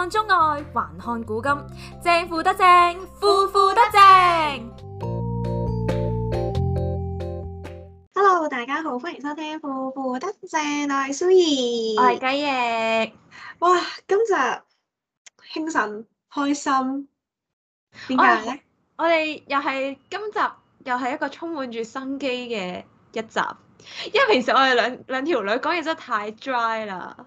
看中外，還看古今。正腐得正，腐腐得正。Hello，大家好，歡迎收聽《腐腐得正》。我係蘇怡，我係雞翼。哇，今集精神開心，點解咧？我哋又係今集又係一個充滿住生機嘅一集。因為平時我哋兩兩條女講嘢真係太 dry 啦。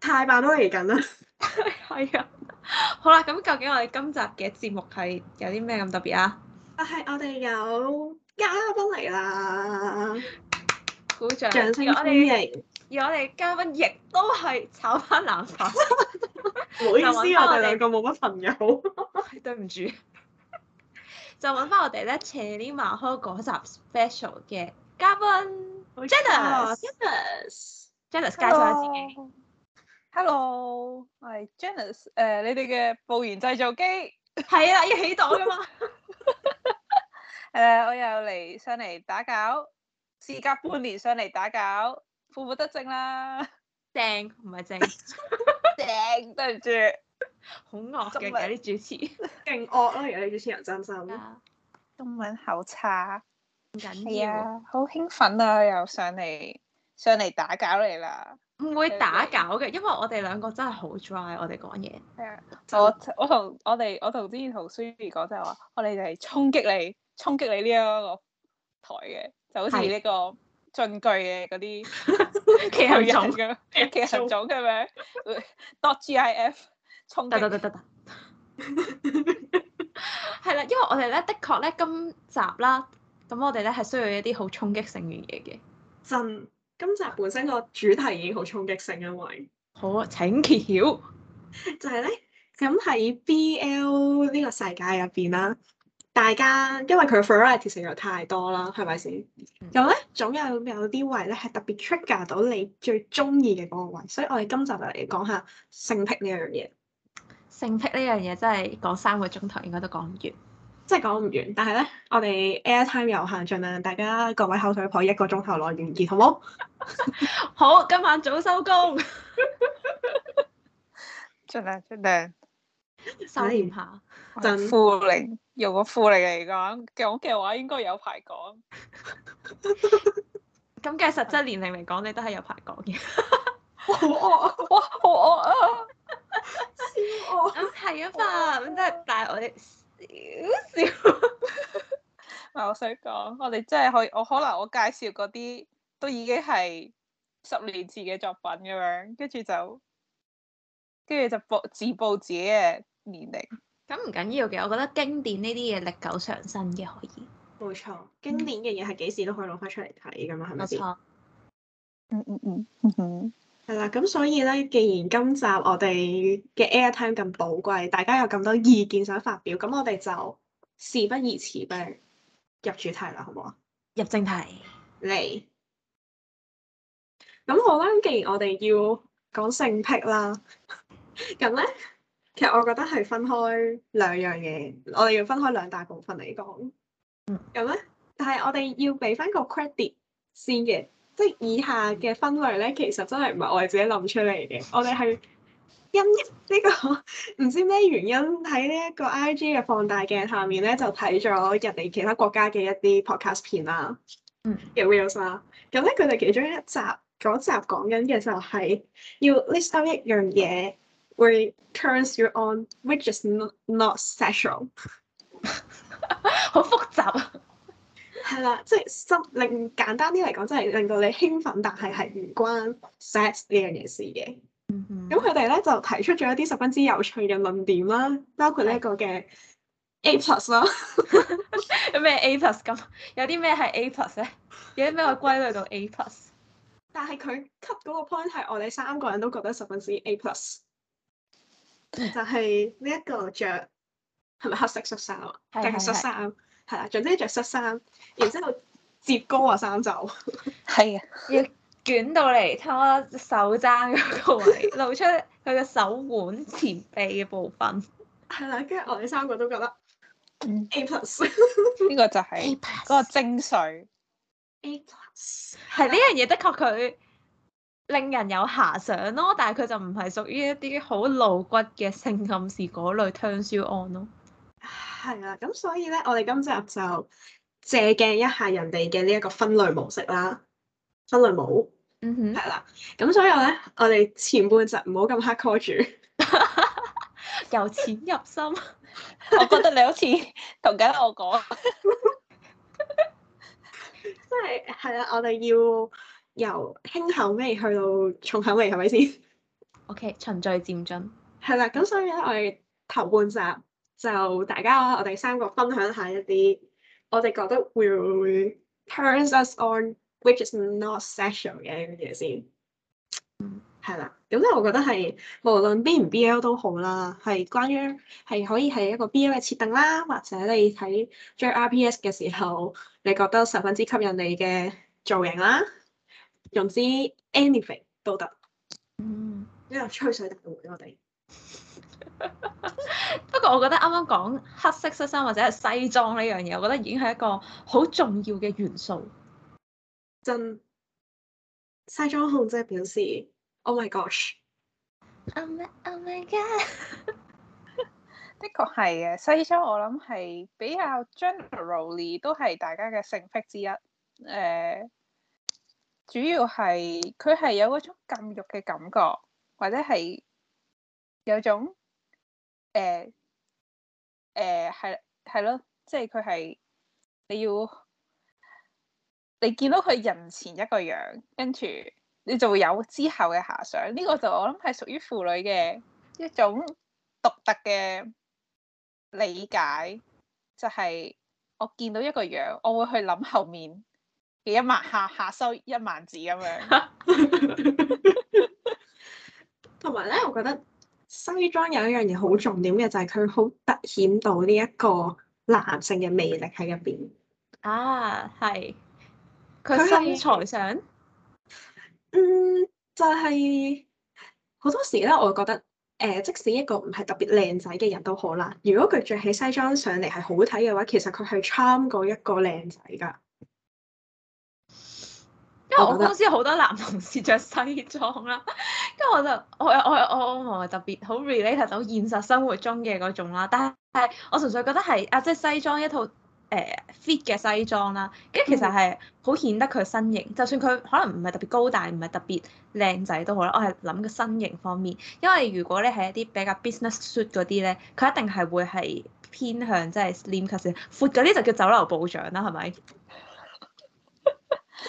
太慢都嚟緊啦，係啊，好啦，咁究竟我哋今集嘅節目係有啲咩咁特別啊？啊係，我哋有嘉賓嚟啦，鼓掌！而我哋而我哋嘉賓亦都係炒翻冷飯，唔 好意思， 我哋兩 個冇乜朋友， 對唔不住起， 就揾翻我哋咧，斜啲擘開嗰集 special 嘅嘉賓，Janice，Janice Janice 介紹下自己。Hello，係 Janice，誒你哋嘅暴言製造機。係啊，要起檔㗎嘛。誒，我又嚟上嚟打攪，事隔半年上嚟打攪，腐腐得正啦。正唔係正？正，對唔住。好惡嘅啲主持，勁惡咯！而家啲主持人，中文口差唔緊要。係啊，好興奮啊！又上嚟。上嚟打攪你啦！唔會打攪嘅，嗯、因為我哋兩個真係好 dry，我哋講嘢。係啊，我我同我哋我同之前同 Sue 講，就係話我哋就係衝擊你，衝擊你呢一個台嘅，就好似呢個進巨嘅嗰啲，奇行 種，奇行 種嘅咩 dot gif，衝，得得得得得。係啦 你 因為我哋咧的確咧今集啦，咁我哋咧係需要一啲好衝擊性嘅嘢嘅，真。今集本身個主題已經衝擊好衝擊性，因為好啊！請揭曉，就係咧，咁喺 BL 呢個世界入邊啦，大家因為佢嘅 variety 實在太多啦，係咪先？咁咧、嗯、總有有啲位咧係特別 trigger 到你最中意嘅嗰個位，所以我哋今集嚟講下性癖呢樣嘢。性癖呢樣嘢真係講三個鐘頭應該都講唔完。即係講唔完，但係咧，我哋 airtime 有限，盡量大家各位口水婆一個鐘頭內完結，好冇？ 好，今晚早收工。 盡量盡量，沙啲下，真。腐齡，用個腐齡嚟講講嘅話，應該有排講。咁 計 實質年齡嚟講，你都係有排講嘅。 好，好餓、啊，哇！好餓啊！超、 嗯、餓、啊。咁係啊嘛，咁即係，但係我哋。少少， 嗱，我想講，我哋真係可以，我可能我介紹嗰啲都已經係十年前嘅作品咁樣，跟住就，跟住就報自報自己嘅年齡。咁唔緊要嘅，我覺得經典呢啲嘢歷久常新嘅，可以。冇錯，經典嘅嘢係幾時都可以攞翻出嚟睇㗎嘛，係咪先？嗯嗯嗯嗯。嗯係啦，咁所以咧，既然今集我哋嘅 airtime 咁寶貴，大家有咁多意見想發表，咁我哋就事不宜遲咧，入主題啦，好唔好啊？入正題嚟。咁好啦，既然我哋要講性癖啦，咁 咧，其實我覺得係分開兩樣嘢，我哋要分開兩大部分嚟講。嗯。咁咧，但係我哋要俾翻個 credit 先嘅。即係以下嘅分類咧，其實真係唔係我哋自己諗出嚟嘅，我哋係因呢個唔知咩原因喺呢一個 I G 嘅放大鏡下面咧，就睇咗人哋其他國家嘅一啲 podcast 片啦、啊，嘅 reels 啦、嗯。咁咧，佢哋其中一集，嗰集講緊嘅就係要 list out 一樣嘢，會 turns you on，which is not sexual。好 複雜啊！係啦，即係令簡單啲嚟講，即係令到你興奮，但係係唔關 sex、mm hmm. 呢樣嘢事嘅。咁佢哋咧就提出咗一啲十分之有趣嘅論點啦，包括呢一個嘅 A+ 啦，有咩 A+ 咁？有啲咩係 A+ 咧？有啲咩我歸類到 A+ 但係佢吸嗰個 point 係我哋三個人都覺得十分之 A+，就係呢一個着，係咪黑色恤衫啊？定恤衫？ 是是是是係啦，總之着恤衫，然之後接高啊衫袖，係啊的， 要捲到嚟拖手踭嗰個位，露出佢嘅手腕前臂嘅部分。係啦，跟住我哋三個都覺得、嗯、，A plus，呢 個就係嗰個精髓。A plus，係呢樣嘢的確佢令人有遐想咯，但係佢就唔係屬於一啲好露骨嘅性暗示嗰類 turns you on 咯。係啦，咁、嗯、所以咧，我哋今集就借鏡一下人哋嘅呢一個分類模式啦，分類冇？嗯哼，係啦，咁所以咧，嗯、哼我哋前半集唔好咁 hardcore 住， 由淺入深， 我覺得你好似同緊我講，即係，係啦，我哋要由輕口味去到重口味，係咪先？OK，循序漸進，係啦，咁所以咧，nicht 我哋頭半集。就大家我哋三個分享一下一啲我哋覺得會，會 turns us on，which is not sexual 嘅嘢先。嗯，係啦。咁即我覺得係無論 B 唔 BL 都好啦，係關於係可以係一個 BL 嘅設定啦，或者你睇追 RPS 嘅時候，你覺得十分之吸引你嘅造型啦。總之 anything 都得。嗯，因為吹水大到呢個第 不過我覺得啱啱講黑色恤衫或者係西裝呢樣嘢，我覺得已經係一個好重要嘅元素。真西裝控即係表示，Oh my gosh，Oh my、oh my、god， 的確係嘅西裝。我諗係比較 generally 都係大家嘅性癖之一。誒、uh,，主要係佢係有嗰種禁欲嘅感覺，或者係有種。誒誒係係咯，即係佢係你要你見到佢人前一個樣，跟住你就會有之後嘅遐想。呢，這個就我諗係屬於腐女嘅一種獨特嘅理解，就係、是，我見到一個樣，我會去諗後面嘅一萬下下收一萬字咁樣。同埋咧，我覺得。西裝有一樣嘢好重點嘅就係佢好凸顯到呢一個男性嘅魅力喺入邊啊，係佢身材上，嗯就係、是、好多時咧，我覺得誒、呃，即使一個唔係特別靚仔嘅人都好啦，如果佢着起西裝上嚟係好睇嘅話，其實佢係 charm 過一個靚仔噶。因為我，我公司好多男同事着西裝啦，跟 住我就我我我我，我特別好 relate 到 rel 現實生活中嘅嗰種啦，但係我純粹覺得係啊，即、就、係、是、西裝一套誒，呃、fit 嘅西裝啦，跟住其實係好顯得佢身形，嗯，就算佢可能唔係特別高大，唔係特別靚仔都好啦。我係諗嘅身形方面，因為如果你係一啲比較 business suit 嗰啲咧，佢一定係會係偏向即係 slim 闊啲就叫酒樓部長啦，係咪？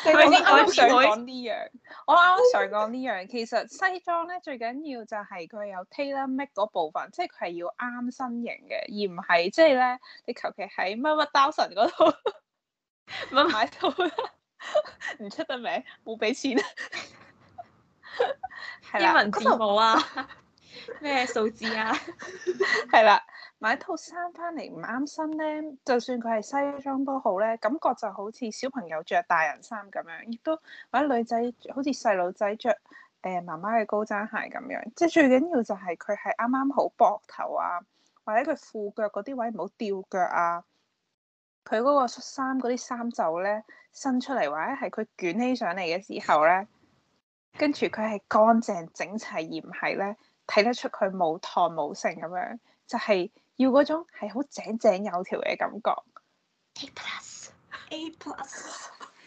我啱啱想講呢樣，我啱啱想講呢樣。其實西裝咧最緊要就係佢有 tailor make 嗰部分，即係佢係要啱身型嘅，而唔係即係咧你求其喺乜乜 d w 刀神嗰度買套，唔麥 出得名，冇俾錢，英 了文字母啊，咩數 字啊，係啦。 買一套衫翻嚟唔啱身咧，就算佢係西裝都好咧，感覺就好似小朋友着大人衫咁樣，亦都或者女仔好似細路仔着誒媽媽嘅高踭鞋咁樣。即係最緊要就係佢係啱啱好膊頭啊，或者佢褲腳嗰啲位唔好吊腳啊。佢嗰個恤衫嗰啲衫袖咧伸出嚟，或者係佢捲起上嚟嘅時候咧，跟住佢係乾淨整齊而唔係咧睇得出佢冇熨冇成咁樣，就係、是。要嗰種係好井井有條嘅感覺。A plus，A plus，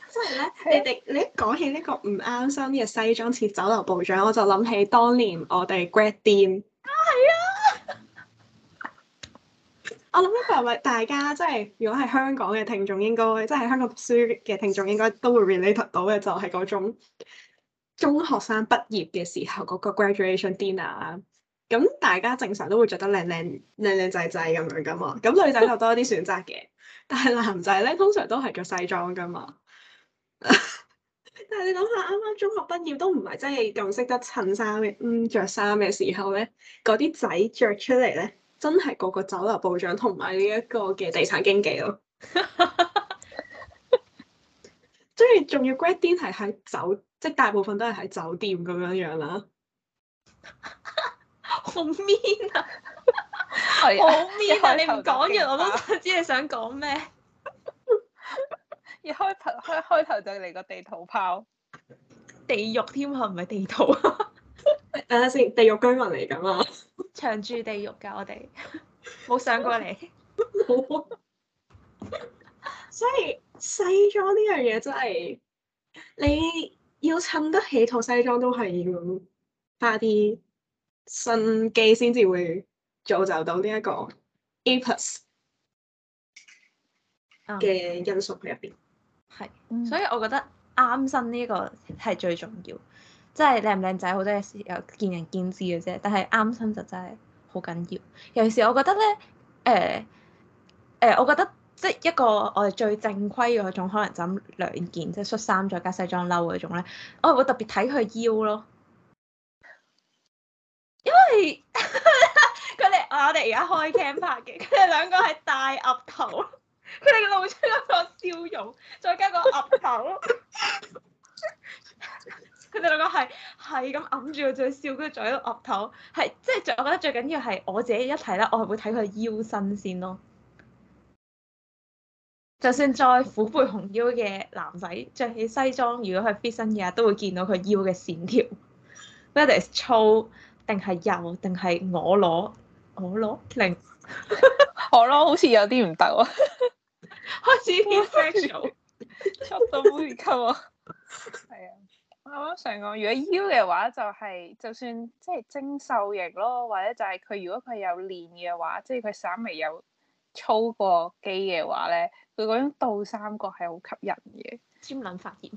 即係咧，你哋你一講起呢個唔啱心嘅西裝似酒樓部長，我就諗起當年我哋 grad dinner 啊，係啊！ 我諗唔係唔係大家即係，就是、如果係香港嘅聽眾，應該即係、就是、喺香港讀書嘅聽眾，應該都會 relate 到嘅，就係嗰種中學生畢業嘅時候嗰個 graduation dinner 啊。咁大家正常都會着得靚靚靚靚仔仔咁樣噶嘛，咁女仔就多啲選擇嘅，但係男仔咧通常都係着西裝噶嘛。 但係你諗下，啱啱中學畢業都唔係真係咁識得襯衫嘅，嗯，着衫嘅時候咧，嗰啲仔着出嚟咧，真係個個酒樓部長同埋呢一個嘅地產經紀咯。即係仲要 graduate 係喺酒，即係大部分都係喺酒店咁樣樣啦。 好 mean 啊！好 mean 啊！你唔講嘢我都知你想講咩？一開頭開開頭就嚟個地圖炮，地獄添，係唔係地圖？等下先，地獄居民嚟㗎嘛？長住地獄㗎我哋冇上過嚟，冇 所以西裝呢樣嘢真係你要襯得起套西裝都係要花啲。新機先至會造就到呢一個 A plus 嘅因素喺入邊，係、嗯，所以我覺得啱身呢個係最重要，即係靚唔靚仔好多嘢事見仁見智嘅啫，但係啱身就真係好緊要。尤其是我覺得咧，誒、呃，誒、呃，我覺得即係一個我哋最正規嘅一種，可能就咁兩件，即係恤衫再加西裝褸嗰種咧，我係會特別睇佢腰咯。佢哋， 我哋而家開 cam 拍嘅，佢哋兩個係大鴨頭，佢哋露出一個笑容，再加個鴨頭。佢哋 兩個係係咁揞住個嘴笑，跟住嘴鴨頭，係即係我覺得最緊要係我自己一睇咧，我係會睇佢腰身先咯。就算再虎背熊腰嘅男仔，着起西裝，如果佢 fit 身嘅，都會見到佢腰嘅線條。body is 粗。定係又定係我攞，我攞零，我 攞好似有啲唔得啊。開始 special，出到杯扣啊！係啊，啱啱想講，如果腰嘅話就係、是，就算即係精瘦型咯，或者就係佢如果佢有練嘅話，即係佢稍微有操過肌嘅話咧，佢嗰種倒三角係好吸引嘅。Gym 諗發現，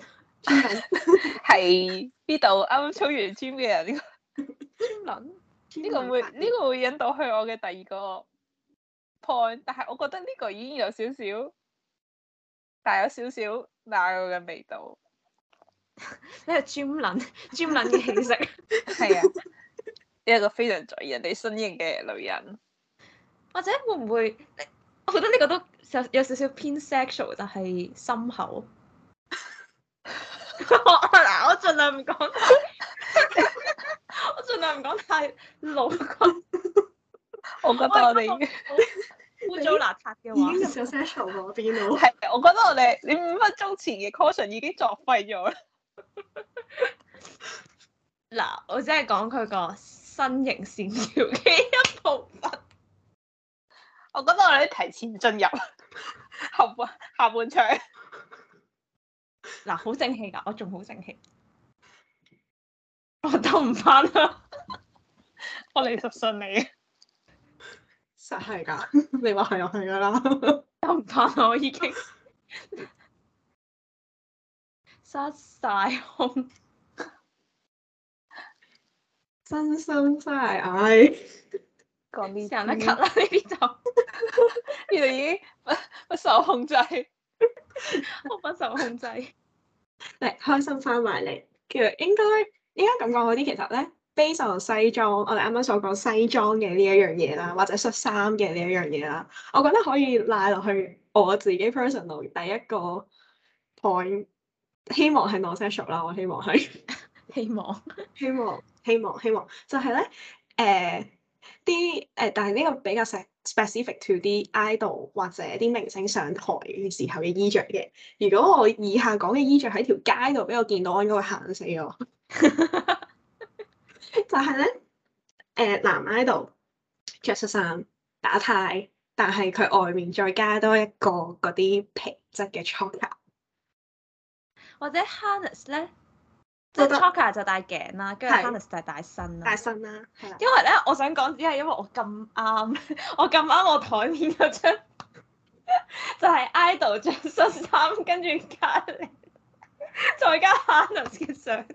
係呢度啱啱操完 Gym 嘅人。 專輪呢個會呢 l 個會引導去我嘅第二個 point，但係我覺得呢個已經有少少，帶有少少鬧嘅味道。呢係專輪專輪嘅氣息，係 啊，一、呢個非常在意人哋身形嘅女人，或者會唔會？我覺得呢個都有少少偏 sexual，但係深厚。嗱， 我盡量唔講。盡量唔講太老嘅，我覺得我哋污糟邋遢嘅話，你已經少些嘈嗰邊係， 我, 我覺得我哋你五分鐘前嘅 caution 已經作廢咗啦。嗱，我只係講佢個身形線條嘅一部分。我覺得我哋提前進入下 半下半場。嗱， 好正氣噶，我仲好正氣。都 我唔怕啦，我嚟就信你，實係噶，你話係我係噶啦。我唔怕。我已經失晒 控， 真心真係唉。講啲，停一刻啦，呢邊就原來已經不受控制， 我不受控制。嚟開心翻埋嚟，其實應該。依家咁講嗰啲其實咧，basic 西裝，我哋啱啱所講西裝嘅呢一樣嘢啦，或者恤衫嘅呢一樣嘢啦，我覺得可以拉落去我自己 personal 第一個 point，希望係 non-sexual 啦，我希望係希望 希望希望希望就係、是、咧，誒啲誒，但係呢個比較細。specific to 啲 idol 或者啲明星上台嘅時候嘅衣着嘅。如果我以下講嘅衣着喺條街度俾我見到，我應該會嚇死我。 就係咧，誒、呃、男 idol 著恤衫打呔，但係佢外面再加多一個嗰啲皮質嘅 choker，或者 harness 咧。個 choker 就戴頸啦，跟住 harness 就係戴身啦。戴身啦，啊，因為咧，我想講只係因為我咁啱，我咁啱我台面嗰張就係、就是、idol 着新衫，跟住加你，再加 harness 嘅相。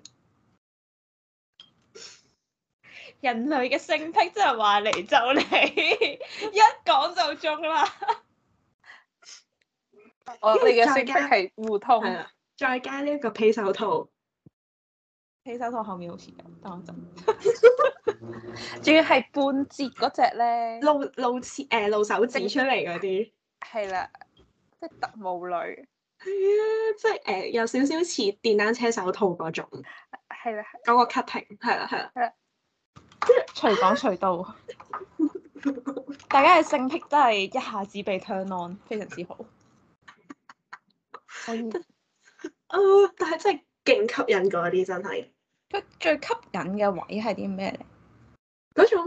人類嘅性癖真係話嚟就嚟，一講就中啦。我哋嘅性癖係互通，係啦，再加呢一個皮手套。黑手套後面好似，等我陣。仲 要係半截嗰隻咧，露露似誒露手指出嚟嗰啲，係啦，即係特務女。係啊，即係誒、呃、有少少似電單車手套嗰種。係啦的，嗰個 cutting。係啦係啦係啦，隨講隨到。 大家嘅性癖都係一下子被 turn on，非常之好。啊、 呃，但係真係勁吸引嗰啲真係。佢最吸引嘅位係啲咩咧？嗰種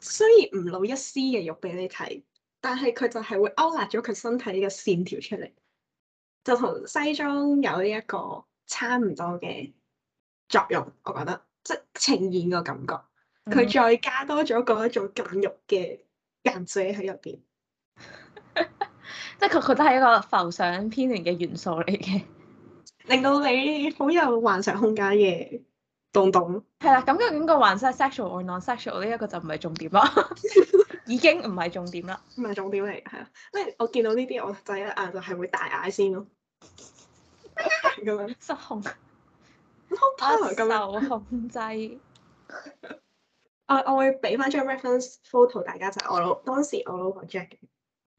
雖然唔露一絲嘅肉俾你睇，但係佢就係會勾勒咗佢身體嘅個線條出嚟，就同西裝有呢一個差唔多嘅作用。我覺得即係呈現個感覺，佢再加多咗嗰一種緊肉嘅顏色喺入邊， 即係佢覺得係一個浮想篇段嘅元素嚟嘅。令到你好有幻想空間嘅洞洞，係啦。咁究竟個幻想 sexual or non-sexual 呢一個就唔係重點啦， 已經唔係重點啦，唔係重點嚟，係啊。即係我見到呢啲，我就一啊就係會大嗌先咯，咁 樣失控，不受控制。 我我會俾翻張 reference photo 大家就係，我老，當時我老婆 Jack。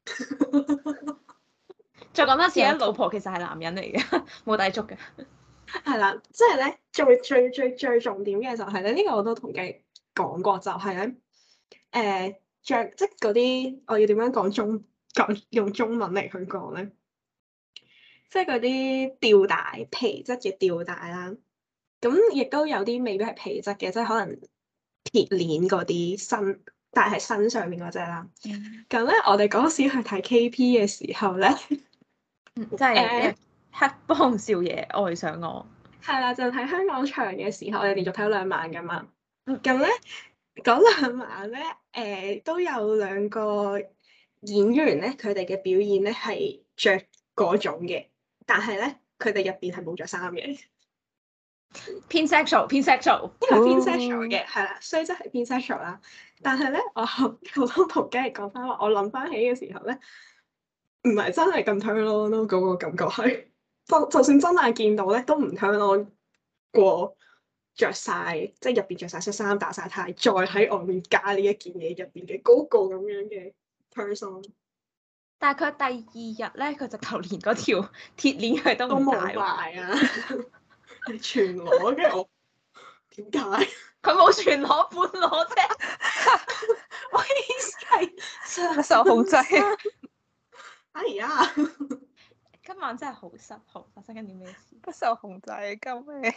再講多次咧，老婆其實係男人嚟嘅，冇抵觸嘅。係啦，即係咧，最最最最重點嘅就係、是、咧，呢、這個我都同佢講過，就係、是、咧，誒、呃，著即係嗰啲，我要點樣講中，講用中文嚟去講咧，即係嗰啲吊帶皮質嘅吊帶啦，咁亦都有啲未必係皮質嘅，即、就、係、是、可能鐵鏈嗰啲身，但係身上面嗰隻啦。咁咧、mm，hmm. 我哋嗰時去睇 KP 嘅時候咧。即係、uh, 黑幫少爺愛上我，係啦，就喺香港場嘅時候，我哋連續睇咗兩晚噶嘛。咁咧 Okay.，嗰兩晚咧，誒、呃，都有兩個演員咧，佢哋嘅表演咧係着嗰種嘅，但係咧，佢哋入邊係冇着衫嘅。偏 sexual，偏 sexual，、oh. 偏 sexual 嘅係啦，雖則係偏 sexual 啦，但係咧，我好都同佳怡講翻話，我諗翻起嘅時候咧。唔係真係咁推 u 咯，都、那、嗰個感覺係就就算真係見到咧，都唔推 u 咯。過着晒，即係入邊着晒恤衫打晒呔，再喺外面加呢一件嘢入邊嘅高個咁樣嘅 person。但係佢第二日咧，佢就頭連嗰條鐵鏈係都冇戴啊！ 全裸嘅，我點解佢冇全裸半裸啫？我係手控制。 哎呀， 今晚真係好失控，發生緊啲咩事？不受控制，搞咩？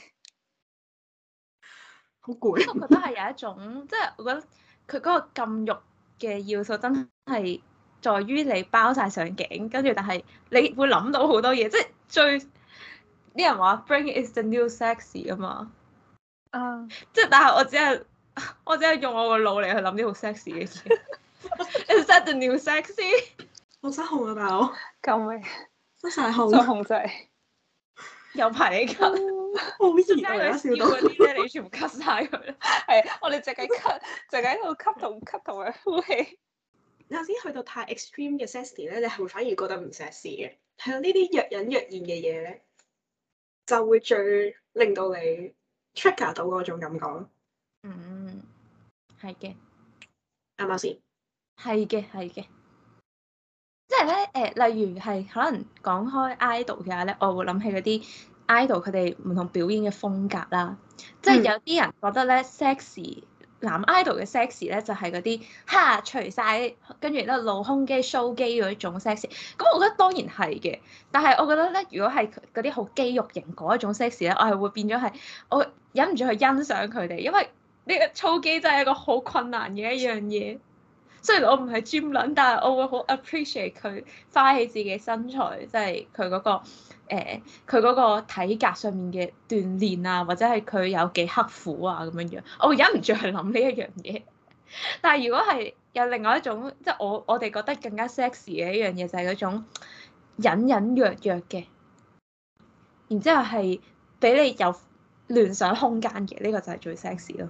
好 攰。我覺得係有一種，即係我覺得佢嗰個禁欲嘅要素真係在於你包晒上頸，跟住但係你會諗到好多嘢。即係最啲人話，brain is the new sexy 啊嘛。啊！即係但係我只係我只係用我個腦嚟去諗啲好 sexy 嘅嘢。 Is that the new sexy？我失控啊，大佬！救命！失曬控，控制又排你吸，好易你笑到嗰啲咧，你全部吸晒佢啦。係，我哋淨係吸，淨係喺度吸同吸同埋呼氣。有時去到太 extreme 嘅 sexy 咧，你係咪反而覺得唔 sexy 嘅？係咯，呢啲若隱若現嘅嘢咧，就會最令到你 trigger 到嗰種感覺咯。嗯，係嘅。啱唔啱先？係嘅，係嘅。咧例如係可能講開 idol 嘅話咧，我會諗起嗰啲 idol 佢哋唔同表演嘅風格啦。即係有啲人覺得咧 sexy 男 idol 嘅 sexy 咧，就係嗰啲嚇除晒，跟住咧露胸肌、show 肌嗰種 sexy。咁我覺得當然係嘅，但係我覺得咧，如果係嗰啲好肌肉型嗰一種 sexy 咧，我係會變咗係我忍唔住去欣賞佢哋，因為呢個操肌真係一個好困難嘅一樣嘢。雖然我唔係 gym 撚，un, 但係我會好 appreciate 佢花起自己身材，即係佢嗰個、欸、佢嗰個體格上面嘅鍛鍊啊，或者係佢有幾刻苦啊咁樣樣，我會忍唔住去諗呢一樣嘢。但係如果係有另外一種，即係我我哋覺得更加 sexy 嘅一樣嘢，就係嗰種隱隱約約嘅，然之後係俾你有聯想空間嘅，呢個就係最 sexy 咯。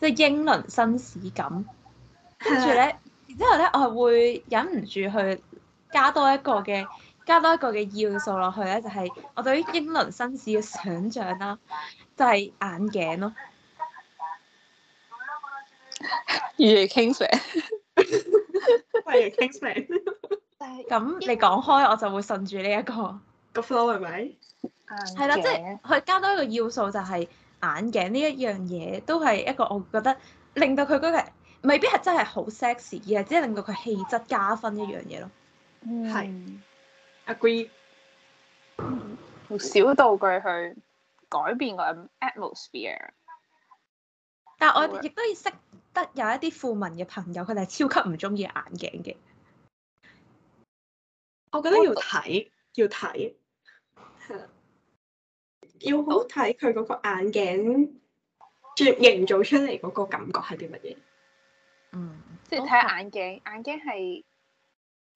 即係英倫紳士感，跟住咧，然之後咧，我係會忍唔住去加多一個嘅，加多一個嘅要素落去咧，就係、是、我對於英倫紳士嘅想像啦，就係、是、眼鏡咯， 如 Kingsman 咁 你講開我就會順住呢一個個 flow 係咪？係啦，即係佢加多一個要素就係、是。眼鏡呢一樣嘢都係一個我覺得令到佢嗰、嗰個未必係真係好 sexy，而係只係令到佢氣質加分一樣嘢咯。係、嗯，agree。用小道具去改變個 atmosphere，但係我亦都要識得有一啲腐民嘅朋友，佢哋係超級唔中意眼鏡嘅。我覺得要睇，要睇。 要好睇佢嗰個眼鏡，造營造出嚟嗰個感覺係啲乜嘢？嗯，即係睇下眼鏡，眼鏡係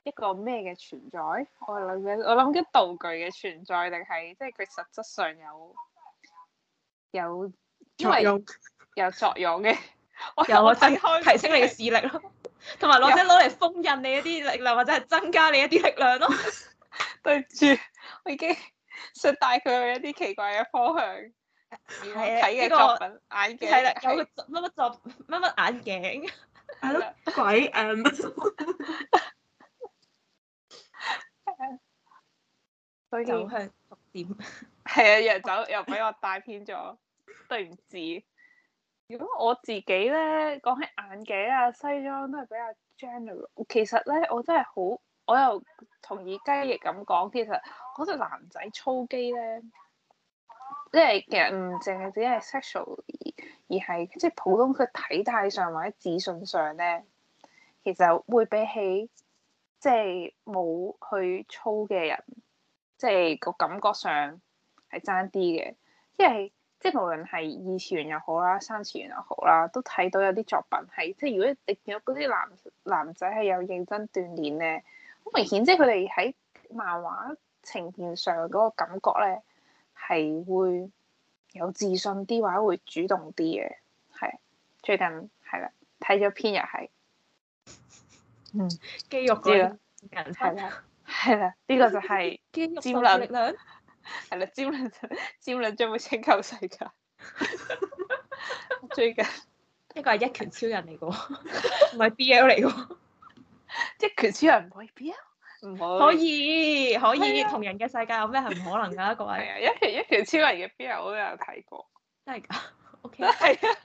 一個咩嘅存在？我諗，我諗緊道具嘅存在，定係即係佢實質上有有，因為有作用，有作用嘅。 有提升 提升你嘅視力咯，同埋攞只攞嚟封印你一啲力量，或者係增加你一啲力量咯。 對唔住，我已經。 想帶佢去一啲奇怪嘅方向，睇嘅作品，這個、眼鏡，是是有乜乜作乜乜是眼鏡，係啦，鬼誒，走向六點，係啊， 弱走又俾我帶偏咗， 對唔住。如果我自己咧，講起眼鏡啊、西裝都係比較 general，其實咧，我真係好。我又同意雞翼咁講，其實好似男仔操肌咧，即係其實唔淨係只係 sexual 而係即係普通佢體態上或者自信上咧，其實會比起即係冇去操嘅人，即係個感覺上係爭啲嘅，因為即係無論係二次元又好啦，三次元又好啦，都睇到有啲作品係即係如果你見到嗰啲男男仔係有認真鍛鍊咧。好明顯，即係佢哋喺漫畫呈現上嗰個感覺咧，係會有自信啲話，會主動啲嘅。係最近係啦，睇咗篇又係，嗯，肌肉嗰啲人係啦，係啦，呢個就係肌肉力量，係啦量，戰力戰力將會拯救世界。 最近呢個係一拳超人嚟噶，唔係 BL 嚟噶。一拳超人唔可以飚？唔好可以可以、啊、同人嘅世界有咩係唔可能噶？各位、啊、一拳一拳超人嘅飚我都有睇過，真係噶？O K 係啊，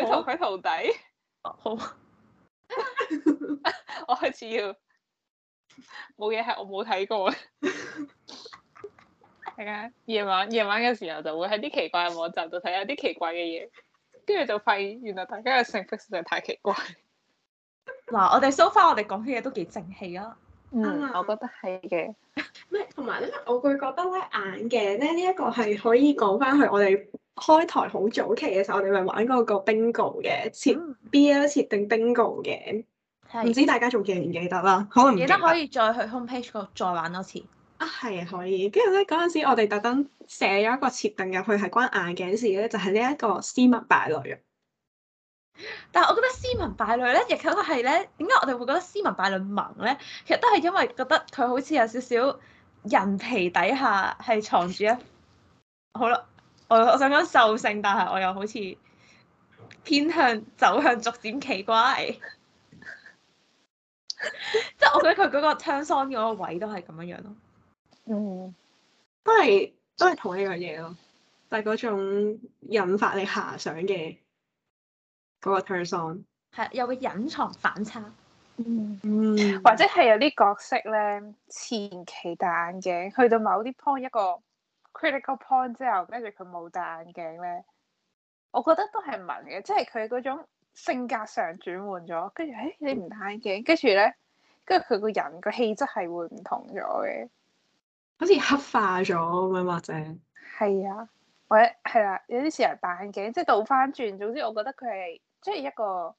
佢同佢徒弟好，我開始要冇嘢，係我冇睇過，係 啊，夜晚夜晚嘅時候就會喺啲奇怪嘅網站度睇下啲奇怪嘅嘢，跟住就發現原來大家嘅性癖實在太奇怪。嗱，我哋 so far，我哋講嘅嘢都幾正氣啦。嗯，我覺得係嘅。咩、啊？同埋咧，我會覺得咧，眼鏡咧呢一個係可以講翻去我哋開台好早期嘅時候，我哋咪玩嗰個 bingo 嘅設、嗯、BL 設定 bingo 嘅。唔的知大家仲記唔記得啦？可能記得可以再去 home page 再玩多次。啊，係可以。跟住咧，嗰陣時我哋特登寫咗一個設定入去係關眼鏡事咧，就係呢一個斯文敗類。但係我覺得斯文敗類咧，亦都係咧，點解我哋會覺得斯文敗類萌咧？其實都係因為覺得佢好似有少少人皮底下係藏住一好啦，我我想講獸性，但係我又好似偏向走向逐漸奇怪， 即係我覺得佢嗰個 Tension 嗰個位都係咁樣樣咯，嗯，都係都係同一樣嘢咯，係嗰種引發你遐想嘅。嗰個有個隱藏反差，嗯，或者係有啲角色咧前期戴眼鏡，去到某啲 point 一個 critical point 之後，跟住佢冇戴眼鏡咧，我覺得都係唔係嘅，即係佢嗰種性格上轉換咗，跟住誒你唔戴眼鏡，跟住咧，跟住佢個人個氣質係會唔同咗嘅，好似黑化咗咁樣或者係啊，或者係啊，啊有啲時候戴眼鏡，即係倒翻轉，總之我覺得佢係。即係一個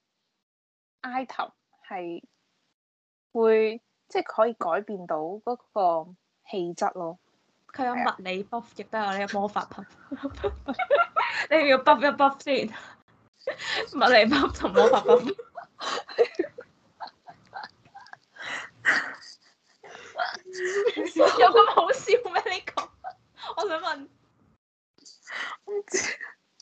item 係會即係可以改變到嗰個氣質咯。佢有物理 buff，亦都有呢個魔法 buff。 你要 buff 一 buff 先，物理 buff 同魔法 buff。 有咁好笑咩？你、呢個我想問。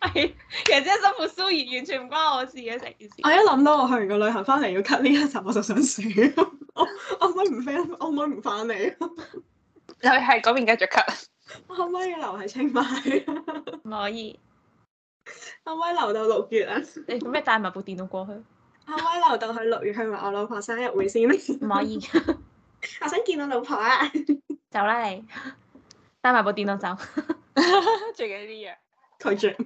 係，其實真係生活騷然完全唔關我事嘅成件事。我一諗到我去完個旅行翻嚟要 cut 呢一集，我就想死。 我可唔可以唔飛？我可唔可以唔翻嚟？你係嗰邊繼續 cut？我可唔可以留喺清邁？唔 可以。可唔可以留到六月啊？你做咩可帶埋部電腦過去？可唔 可以留到去六月去埋我老婆生日會先？唔 可以。 我想見到老婆啊！ 走啦你，帶埋部電腦走。 最緊要啲嘢。拒絕。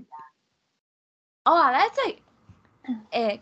我話咧，即係誒、呃，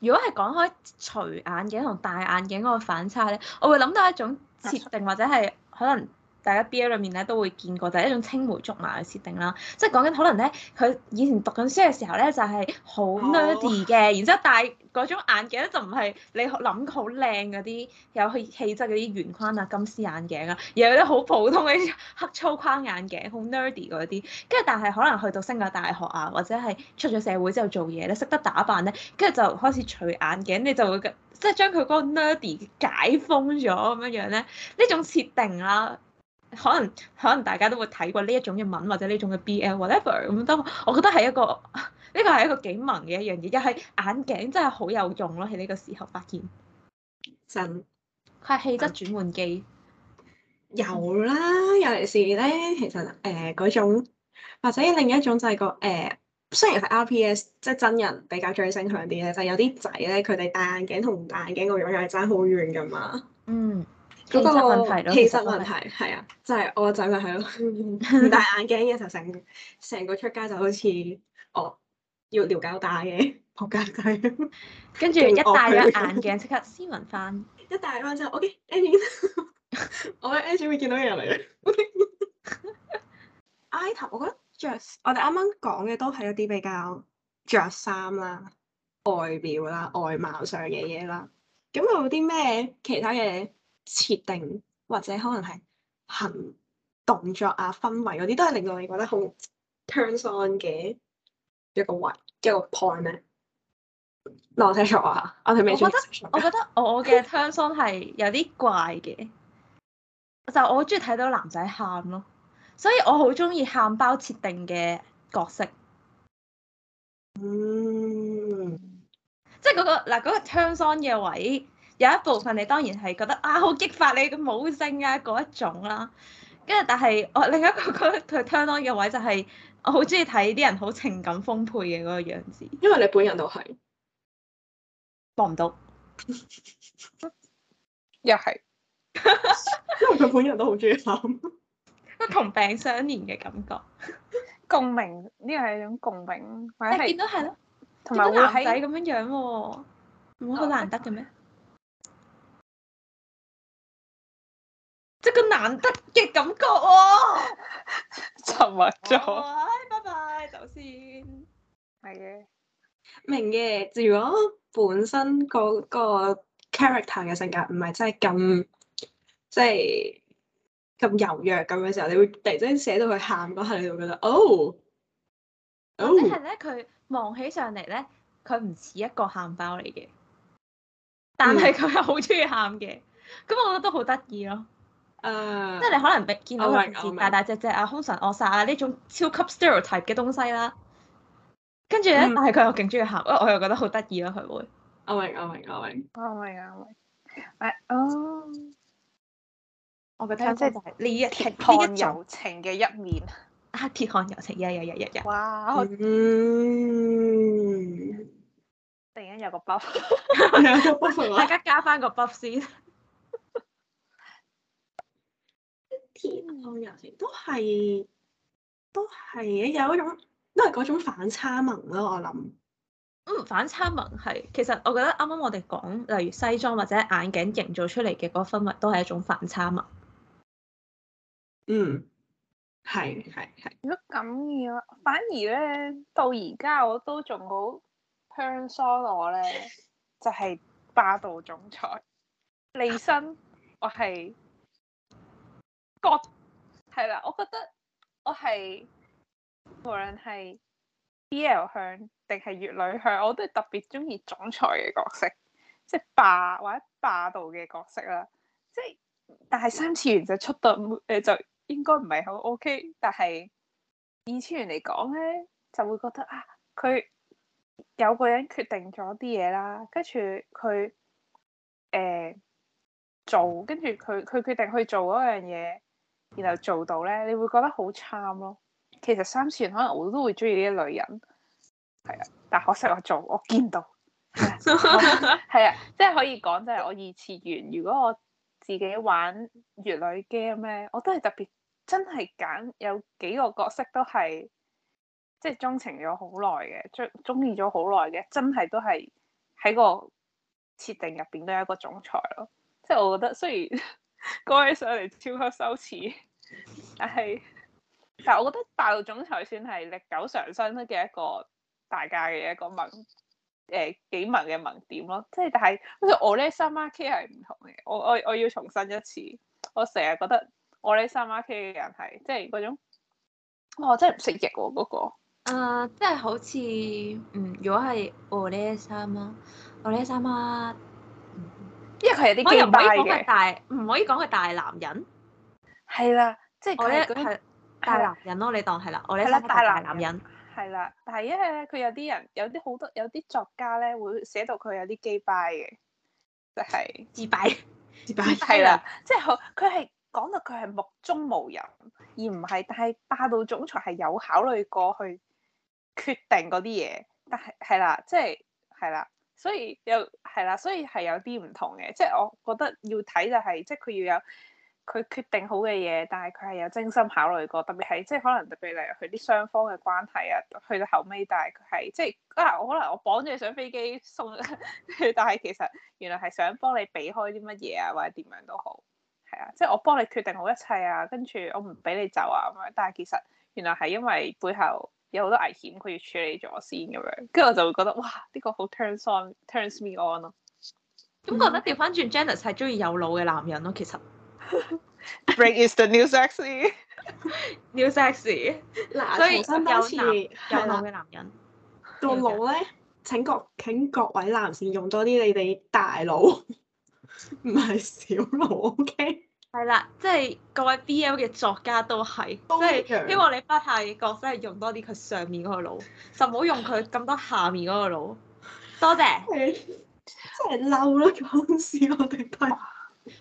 如果係講開除眼鏡同戴眼鏡嗰個反差咧，我會諗到一種設定或者係可能。大家 B L 裏面咧都會見過，就係一種青梅竹馬嘅設定啦。即係講緊可能咧，佢以前讀緊書嘅時候咧，就係、是、好 nerdy 嘅。Oh. 然之後，戴係嗰種眼鏡咧就唔係你諗好靚嗰啲有氣質嗰啲圓框啊、金絲眼鏡啊，而係啲好普通嘅黑粗框眼鏡，好 nerdy 嗰啲。跟住，但係可能去到升咗大學啊，或者係出咗社會之後做嘢咧，識得打扮咧，跟住就開始除眼鏡，你就會即係、就是、將佢嗰個 nerdy 解封咗咁樣樣咧。呢種設定啦。可能，可能大家都會睇過呢一種嘅文，或者呢種嘅 BL whatever 咁都，我覺得係一個，呢個係一個幾萌嘅一樣嘢，又係眼鏡真係好有用咯，喺呢個時候發現真，佢係氣質轉換機有啦，尤其是咧，其實誒嗰、呃、種或者另一種就係個誒、呃、雖然係 RPS 即係真人比較最聲響啲咧，就係、是、有啲仔咧，佢哋戴眼鏡同唔戴眼鏡個樣又係爭好遠㗎嘛，嗯。嗰個其實問題係啊的，就係、是、我仔咪係咯，唔 戴眼鏡嘅時候成成個,個出街就好似我要撩搞大嘅仆街仔，跟住一戴咗眼鏡即刻斯文翻， 一戴翻之後 OK。a n y 我覺得會見到咩人嚟咧？Item，我覺得著我哋啱啱講嘅都係一啲比較着衫啦、外表啦、外貌上嘅嘢啦。咁有冇啲咩其他嘅？設定或者可能係行動作啊、氛圍嗰啲都係令到你覺得好 turns on 嘅一個位一個 point 咩？嗱我聽錯啊！我係咩？我覺得我覺得我嘅 turns on 係有啲怪嘅， 就我好中意睇到男仔喊咯，所以我好中意喊包設定嘅角色。嗯、mm. 嗰個，即係嗰個嗱嗰個 turns on 嘅位。有一部分你當然係覺得啊好激發你嘅母性啊嗰一種啦，跟住但係我、哦、另一個佢 turn on 嘅位就係、是、我好中意睇啲人好情感豐沛嘅嗰個樣子，因為你本人都係幫唔到，又係 因為佢本人都好中意諗，個同病相憐嘅感覺，共鳴呢個係一種共鳴，你見到係咯，同埋會係咁樣樣喎，唔好、哦、難得嘅咩？一個難得嘅感覺，沉默咗。拜拜，走先。係嘅，明嘅。如果本身嗰個 character 嘅性格唔係真係咁，即係咁柔弱咁嘅時候，你會突然間寫到佢喊嗰下，你會覺得哦。即係咧，佢望起上嚟咧，佢唔似一個喊包嚟嘅，但係佢係好中意喊嘅，咁、嗯、我覺得都好得意咯。誒，即係你可能俾見到佢平時大大隻隻啊，凶神惡煞啊呢種超級 stereotype 嘅東西啦，跟住咧，但係佢又勁中意喊，因為我又覺得好得意啦佢會。我明我明我明我明我明，誒哦，我嘅聽即係呢一鐵漢柔情嘅一面啊！鐵漢柔情，日日日日日。哇！突然間有個 buff，大家加翻個 buff 先。天空人時都係都係有一種都係嗰種反差萌咯，我諗嗯，反差萌係，其實我覺得啱啱我哋講例如西裝或者眼鏡營造出嚟嘅嗰個氛圍都係一種反差萌。嗯，係係係。如果咁樣，反而咧到而家我都仲好 handsome 我咧，就係、是、霸道總裁利申，我係。個係啦，我覺得我係無論係 BL 向定係乙女向，我都係特別中意總裁嘅角色，即係霸或者霸道嘅角色啦。即係但係三次元就出到誒、呃，就應該唔係好 OK，但係二次元嚟講咧，就會覺得啊，佢有個人決定咗啲嘢啦，跟住佢誒做，跟住佢佢決定去做嗰樣嘢。然後做到咧，你會覺得好慘咯、哦。其實三次元可能我都會中意呢啲女人，係啊。但可惜我做，我見到係啊， 即係可以講就係我二次元。如果我自己玩《乙女 game》咧，我都係特別真係揀有幾個角色都係即係鍾情咗好耐嘅，鍾中意咗好耐嘅，真係都係喺個設定入邊都有一個總裁咯。即係我覺得雖然。講起上嚟超級羞恥，但係，但係我覺得大陸總裁算係歷久常新嘅一個大家嘅一個文、呃，誒幾文嘅文點咯。即係但係，好似我呢三孖 K 係唔同嘅。我我我要重申一次，我成日覺得我呢三孖 K 嘅人係即係嗰種、哦，哇真係唔識譯嗰個。即係好似，嗯，如果係我呢三孖，我呢三孖。因為佢有啲雞掰嘅，唔可以講佢大，唔可以講佢大男人，係啦，即係佢係大男人咯。你當係啦，我咧生大男人，係啦，係啊。佢有啲人，有啲好多，有啲作家咧會寫到佢有啲雞掰嘅，就係、是、自敗自敗係啦。即係佢，佢係講到佢係目中無人，而唔係。但係霸道總裁係有考慮過去決定嗰啲嘢，但係係啦，即係係啦。所以又係啦，所以係有啲唔同嘅，即係我覺得要睇就係，即係佢要有佢決定好嘅嘢，但係佢係有精心考慮過，特別係即係可能特別例如佢啲雙方嘅關係啊，去到後尾，但係佢係即係啊，我可能我綁住你上飛機送， 但係其實原來係想幫你避開啲乜嘢啊，或者點樣都好，係啊，即係我幫你決定好一切啊，跟住我唔俾你走啊咁樣，但係其實原來係因為背後，有好多危險，佢要處理咗先咁樣，跟住我就會覺得哇，呢、這個好 turn on, turns on，turns me on 咯。咁覺得調翻轉，Janice 係中意有腦嘅男人咯，其實。Break is the new sexy。 New sexy，嗱、 啊，所以時有男有腦嘅男人。到老咧，請各請各位男士用多啲你哋大腦，唔係小腦，OK。係啦，即係各位 B L 嘅作家都係，都即係希望你筆下嘅角色用多啲佢上面嗰個腦，就唔好用佢咁多下面嗰個腦。多謝，真係嬲咯！講笑我哋都係，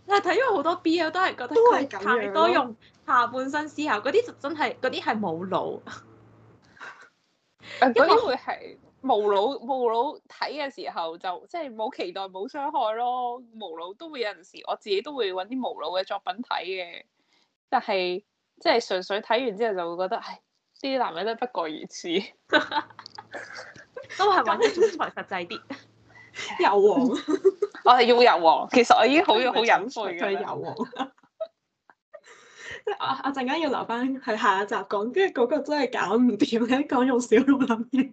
但係睇咗好多 B L 都係覺得佢太多用下半身思考，嗰啲、啊、就真係嗰啲係冇腦，有腦嗯、因為會係。無腦，無腦睇嘅時候就即係冇期待冇傷害咯，無腦都會有陣時，我自己都會揾啲無腦嘅作品睇嘅，但係即係純粹睇完之後就會覺得，唉，啲男人都不過如此， 都係揾啲中法實際啲，有黃 遊王， 我係要有黃，其實我已經好好隱晦嘅油黃，我我陣間要留返去下一集講，跟住嗰個真係搞唔掂，講用小用諗嘢。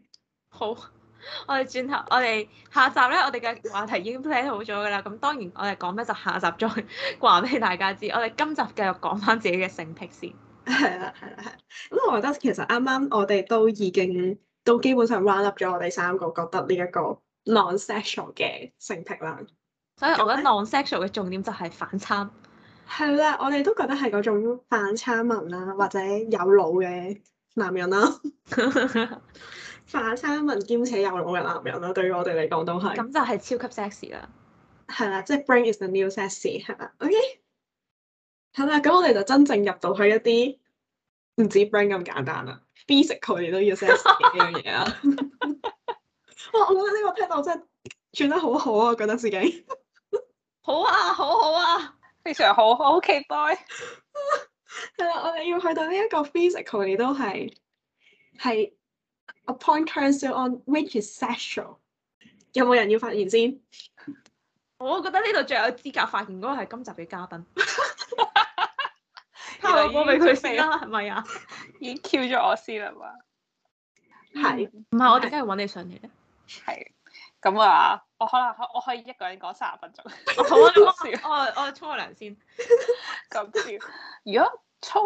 好，我哋轉頭，我哋下集咧，我哋嘅話題已經 plan 好咗噶啦。咁當然我哋講咩就下集再話俾大家知。我哋今集繼續講翻自己嘅性癖先。係啊係啊係。咁我覺得其實啱啱我哋都已經都基本上 round up 咗我哋三個覺得呢一個 nonsexual 嘅性癖啦。所以我覺得 nonsexual 嘅重點就係反差。係啦，我哋都覺得係嗰種反差文啦、啊，或者有腦嘅男人啦、啊。 反差文兼且有腦嘅男人咯，對於我哋嚟講都係。咁就係超級 sexy 啦。係啦，即係 brain is the new sexy 係啦。OK，係啦，咁我哋就真正入到去一啲唔止 brain 咁簡單啦。Physical 你都要 sexy 呢樣嘢啊！哇， 我覺得呢個聽到真係轉得好好啊，覺得自己。好啊，好好啊，非常好，我好期待。係啦， 我哋要去到呢一個 physical，你都係係。A point turns on which is sexual 有冇人要發言先？我覺得呢度最有資格發言嗰個係今集嘅嘉賓。交我俾佢死啦，係咪啊？已 q 咗我先啦嘛？係 是。唔係我哋梗家要梗係搵你上嚟嘅。係。咁啊，我可能可我可以一個人講三十分鐘。 我我我沖個涼先。咁 如果沖？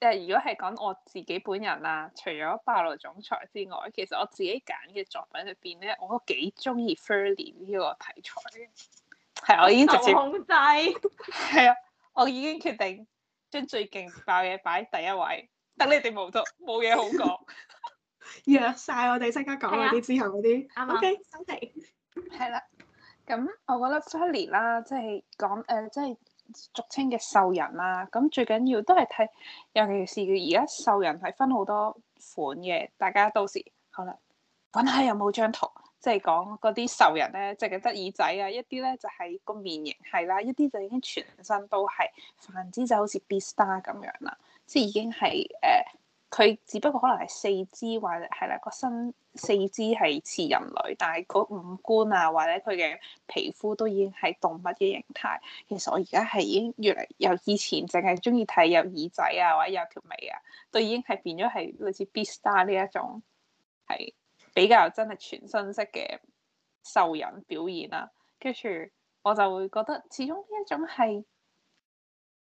誒，如果係講我自己本人啦，除咗《霸道總裁》之外，其實我自己揀嘅作品入邊咧，我都幾中意《Furry》呢個題材嘅。係，我已經直接。受控制。係啊，我已經決定將最勁爆嘢擺第一位。等你哋無多冇嘢好 yeah, 講。約晒我哋即刻講嗰啲之後嗰啲。啱 O.K.，收皮。係啦。咁，我覺得 Furry，《Furry》啦，即係講誒，即係。俗稱嘅獸人啦、啊，咁最緊要都係睇，尤其是而家獸人係分好多款嘅，大家到時好啦，搵下有冇張圖，即係講嗰啲獸人咧，即係得耳仔啊，一啲咧就係個面型係啦，一啲就已經全身都係，反之就好似 Beastars 咁樣啦，即係已經係誒。Uh, 佢只不過可能係四肢或者係啦個身四肢係似人類，但係嗰五官啊或者佢嘅皮膚都已經係動物嘅形態。其實我而家係已經越嚟由以前淨係中意睇有耳仔啊或者有條尾啊，都已經係變咗係類似 Beastars 呢一種係比較真係全身式嘅獸人表演啦、啊。跟住我就會覺得始終呢一種係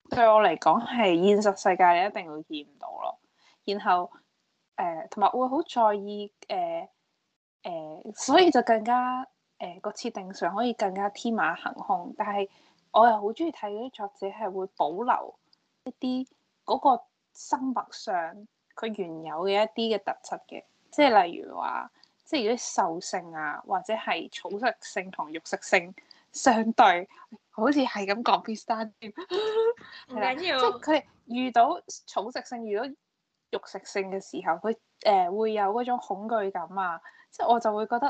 對我嚟講係現實世界你一定會見唔到咯。然後誒同埋會好在意誒誒、呃呃，所以就更加誒個、呃、設定上可以更加天馬行空。但係我又好中意睇啲作者係會保留一啲嗰、那個生物上佢原有嘅一啲嘅特質嘅，即係例如話，即係如果啲獸性啊，或者係草食性同肉食性相對好，好似係咁講 B 站添，唔 但緊要，即係佢哋遇到草食性遇到。肉食性嘅時候，佢誒、呃、會有嗰種恐懼感啊，即係我就會覺得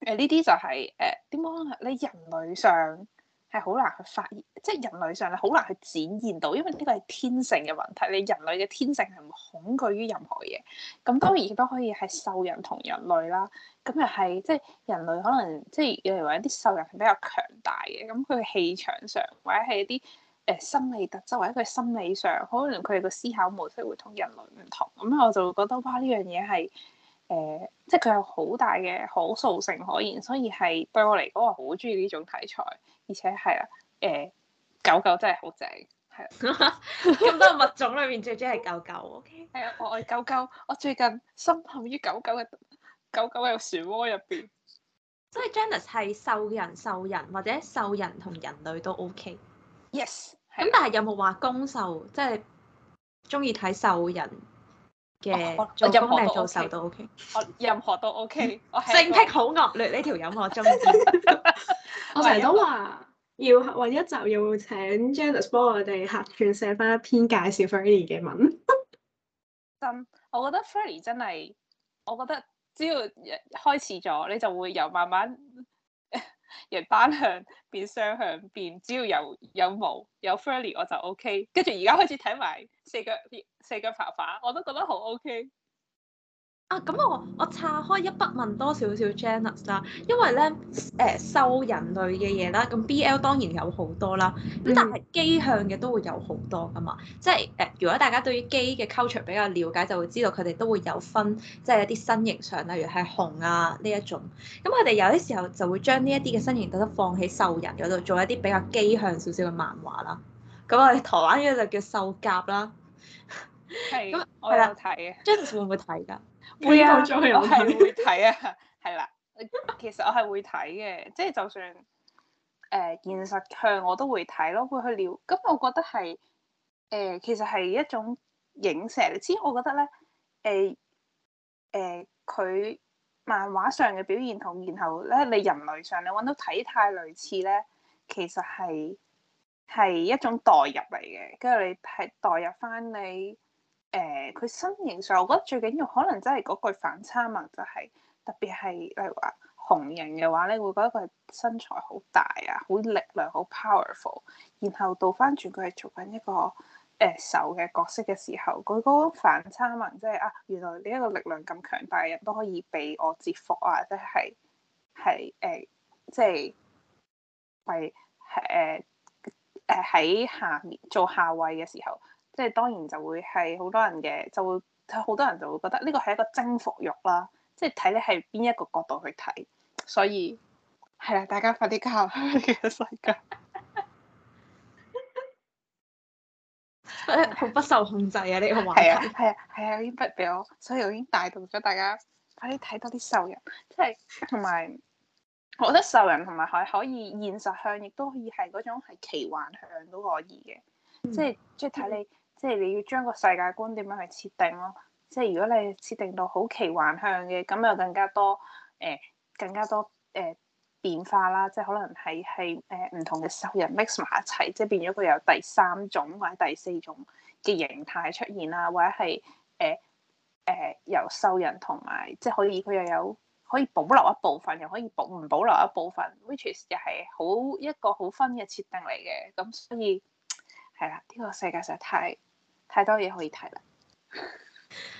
誒呢啲就係誒點講呢？你人類上係好難去發現，即係人類上係好難去展現到，因為呢個係天性嘅問題。你人類嘅天性係唔恐懼於任何嘢，咁當然亦都可以係獸人同人類啦。咁又係即係人類可能即係例如話一啲獸人係比較強大嘅，咁佢嘅氣場上或者係一啲。.誒，心理特質或者佢心理上，可能佢哋個思考模式會同人類唔同，咁我就會覺得哇，呢樣嘢係誒，即係佢有好大嘅可塑性可言，所以係對我嚟講，我好中意呢種題材，而且係啊誒，狗狗真係好正，係咁 多物種裏面最中意係狗狗，OK，係啊、嗯，我愛狗狗，我最近深陷於狗狗嘅狗狗嘅漩渦入邊， 所以 Janice 係獸人、獸人或者獸人同人類都 OK。Yes，咁的但係有冇話攻受？即係中意睇獸人嘅做攻定做受都 OK，我任何都 OK。我性癖好惡劣呢條音樂中。 我成日都話要揾一集，要請 Janice 幫我哋客串寫翻一篇介紹 Freddie 嘅文。但、 um, 我覺得 Freddie 真係，我覺得只要開始咗，你就會由慢慢。由單向變雙向變，只要有有毛有 furry 我就 OK，跟住而家開始睇埋四腳四腳爬爬，我都覺得好 OK。啊，咁我我岔開一筆，問多少少 Janice 啦，因為咧，誒獸人類嘅嘢啦，咁 BL 當然有好多啦，咁但係基向嘅都會有好多噶嘛，即係誒、呃、如果大家對於基嘅 culture 比較了解，就會知道佢哋都會有分，即係一啲身形上，例如係熊啊呢一種，咁佢哋有啲時候就會將呢一啲嘅身形得放喺獸人嗰度，做一啲比較基向少少嘅漫畫啦，咁我哋台灣嘅就叫獸甲啦，係是，我有睇嘅 Janice 會唔會睇噶？ 會啊，我係會睇啊，係啦，其實我係會睇嘅，即係就算誒、呃、現實向我都會睇咯，會去撩。咁我覺得係誒、呃，其實係一種影射。你知我覺得咧，誒誒佢漫畫上嘅表現同，然後咧你人類上你搵到體態類似咧，其實係係一種代入嚟嘅，跟住你係代入翻你。誒，佢、呃、身形上，我覺得最緊要可能真係嗰句反差萌，就是，就係特別係例如話紅人嘅話咧，你會覺得佢身材好大啊，好力量，好 powerful。然後倒返轉佢係做緊一個誒瘦嘅角色嘅時候，佢嗰種反差萌，就是，即係啊，原來呢一個力量咁強大嘅人都可以俾我折服啊，即係係誒，即係為誒誒喺下面做下位嘅時候。即係當然就會係好多人嘅，就會好多人就會覺得呢個係一個征服欲啦、啊。即係睇你係邊一個角度去睇，所以係啦、啊，大家快啲加。 入世界。好不受控制啊！呢個問題係啊係啊，已經不俾我，所以我已經帶動咗大家快啲睇多啲獸人，即係同埋我覺得獸人同埋可以可以現實向，亦都可以係嗰種係奇幻向都可以嘅，即係即係睇你。Mm. 即係你要將個世界觀點樣去設定咯、啊，即係如果你設定到好奇幻向嘅，咁又更加多誒、欸，更加多誒、欸、變化啦。即係可能係係誒唔同嘅獸人 mix 埋一齊，即係變咗佢有第三種或者第四種嘅形態出現啦，或者係誒誒由獸人同埋即係可以佢又有可以保留一部分，又可以保唔保留一部分 which is 又係好一個好分嘅設定嚟嘅。咁所以係啦，呢個世界實在太～太多嘢可以睇啦！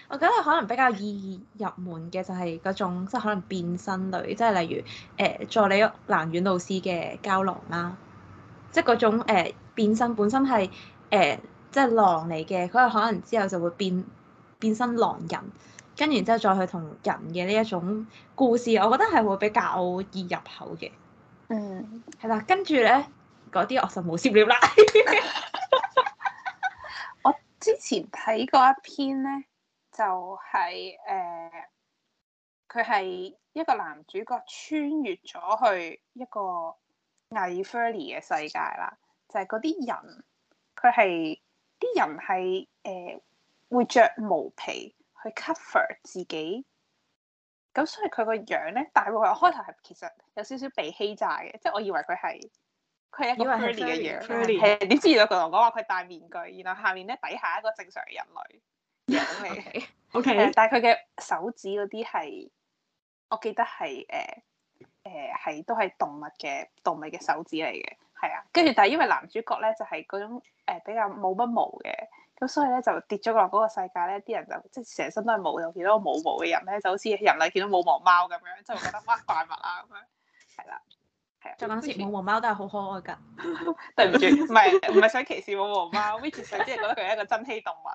我覺得可能比較易入門嘅就係嗰種即係，就是，可能變身類，即係例如誒、助、呃、理蘭遠老師嘅《膠狼》啦，即係嗰種、誒、呃、變身本身係、誒、呃、即係狼嚟嘅，佢可能之後就會變變身狼人，跟住然之後再去同人嘅呢一種故事，我覺得係會比較易入口嘅。嗯，係啦，跟住咧嗰啲我就冇涉獵啦。 之前睇過一篇咧，就係、是、誒，佢、呃、係一個男主角穿越咗去一個異 furry 嘅世界啦，就係嗰啲人，佢係啲人係誒、呃、會着毛皮去 cover 自己，咁所以佢個樣咧，大部分開頭係其實有少少被欺詐嘅，即、就、係、是、我以為佢係。佢係一個 furry 嘅嘢，係點，嗯、知原來佢同我講話佢戴面具，然後下面咧底下一個正常嘅人類樣嚟，O K，但係佢嘅手指嗰啲係我記得係誒誒係都係動物嘅動物嘅手指嚟嘅，係啊，跟住但係因為男主角咧就係、誒、嗰種比較冇乜毛嘅，咁所以咧就跌咗落嗰個世界咧，啲人就即係成身都係毛，有幾多個冇毛嘅人咧就好似人類見到冇毛、毛貓咁樣，就覺得乜怪物啊咁樣，係啦。就嗰時，母和貓都係好可愛噶。 對唔住，唔係唔係想歧視母和貓，which 想即係覺得佢係一個珍稀動物，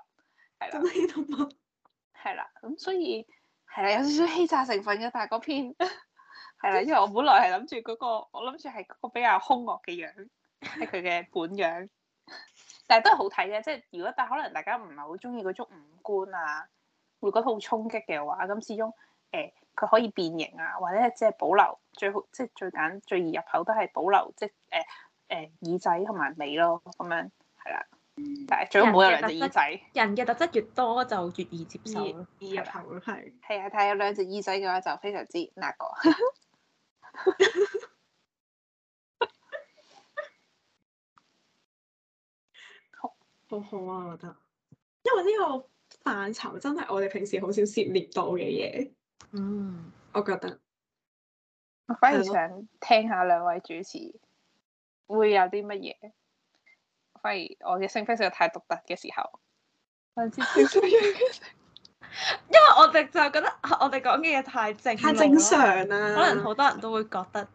係啦。珍稀動物係啦，咁所以係啦，有少少欺詐成分嘅，但係嗰篇係啦，因為 我本來係諗住嗰個，我諗住係嗰個比較兇惡嘅樣，係佢嘅本樣。 但係都係好睇嘅，即係如果但可能大家唔係好中意嗰種五官啊，會覺得好衝擊嘅話，咁始終誒。欸佢可以變形啊，或者即係保留最好，即係最簡單最易入口都係保留，即係誒誒耳仔同埋尾咯咁樣，係啦。但係最好唔好有兩隻耳仔。人嘅特質越多就越易接受，易入口係。係啊的的，但係有兩隻耳仔嘅話就非常之難過。 好，好，好啊，我覺得，因為呢個範疇真係我哋平時好少涉獵到嘅嘢。嗯，我覺得我反而想聽下兩位主持會有啲乜嘢。反而我嘅性非常太獨特嘅時候， 因為我哋就覺得我哋講嘅嘢太正，太正常啦。常可能好多人都會覺得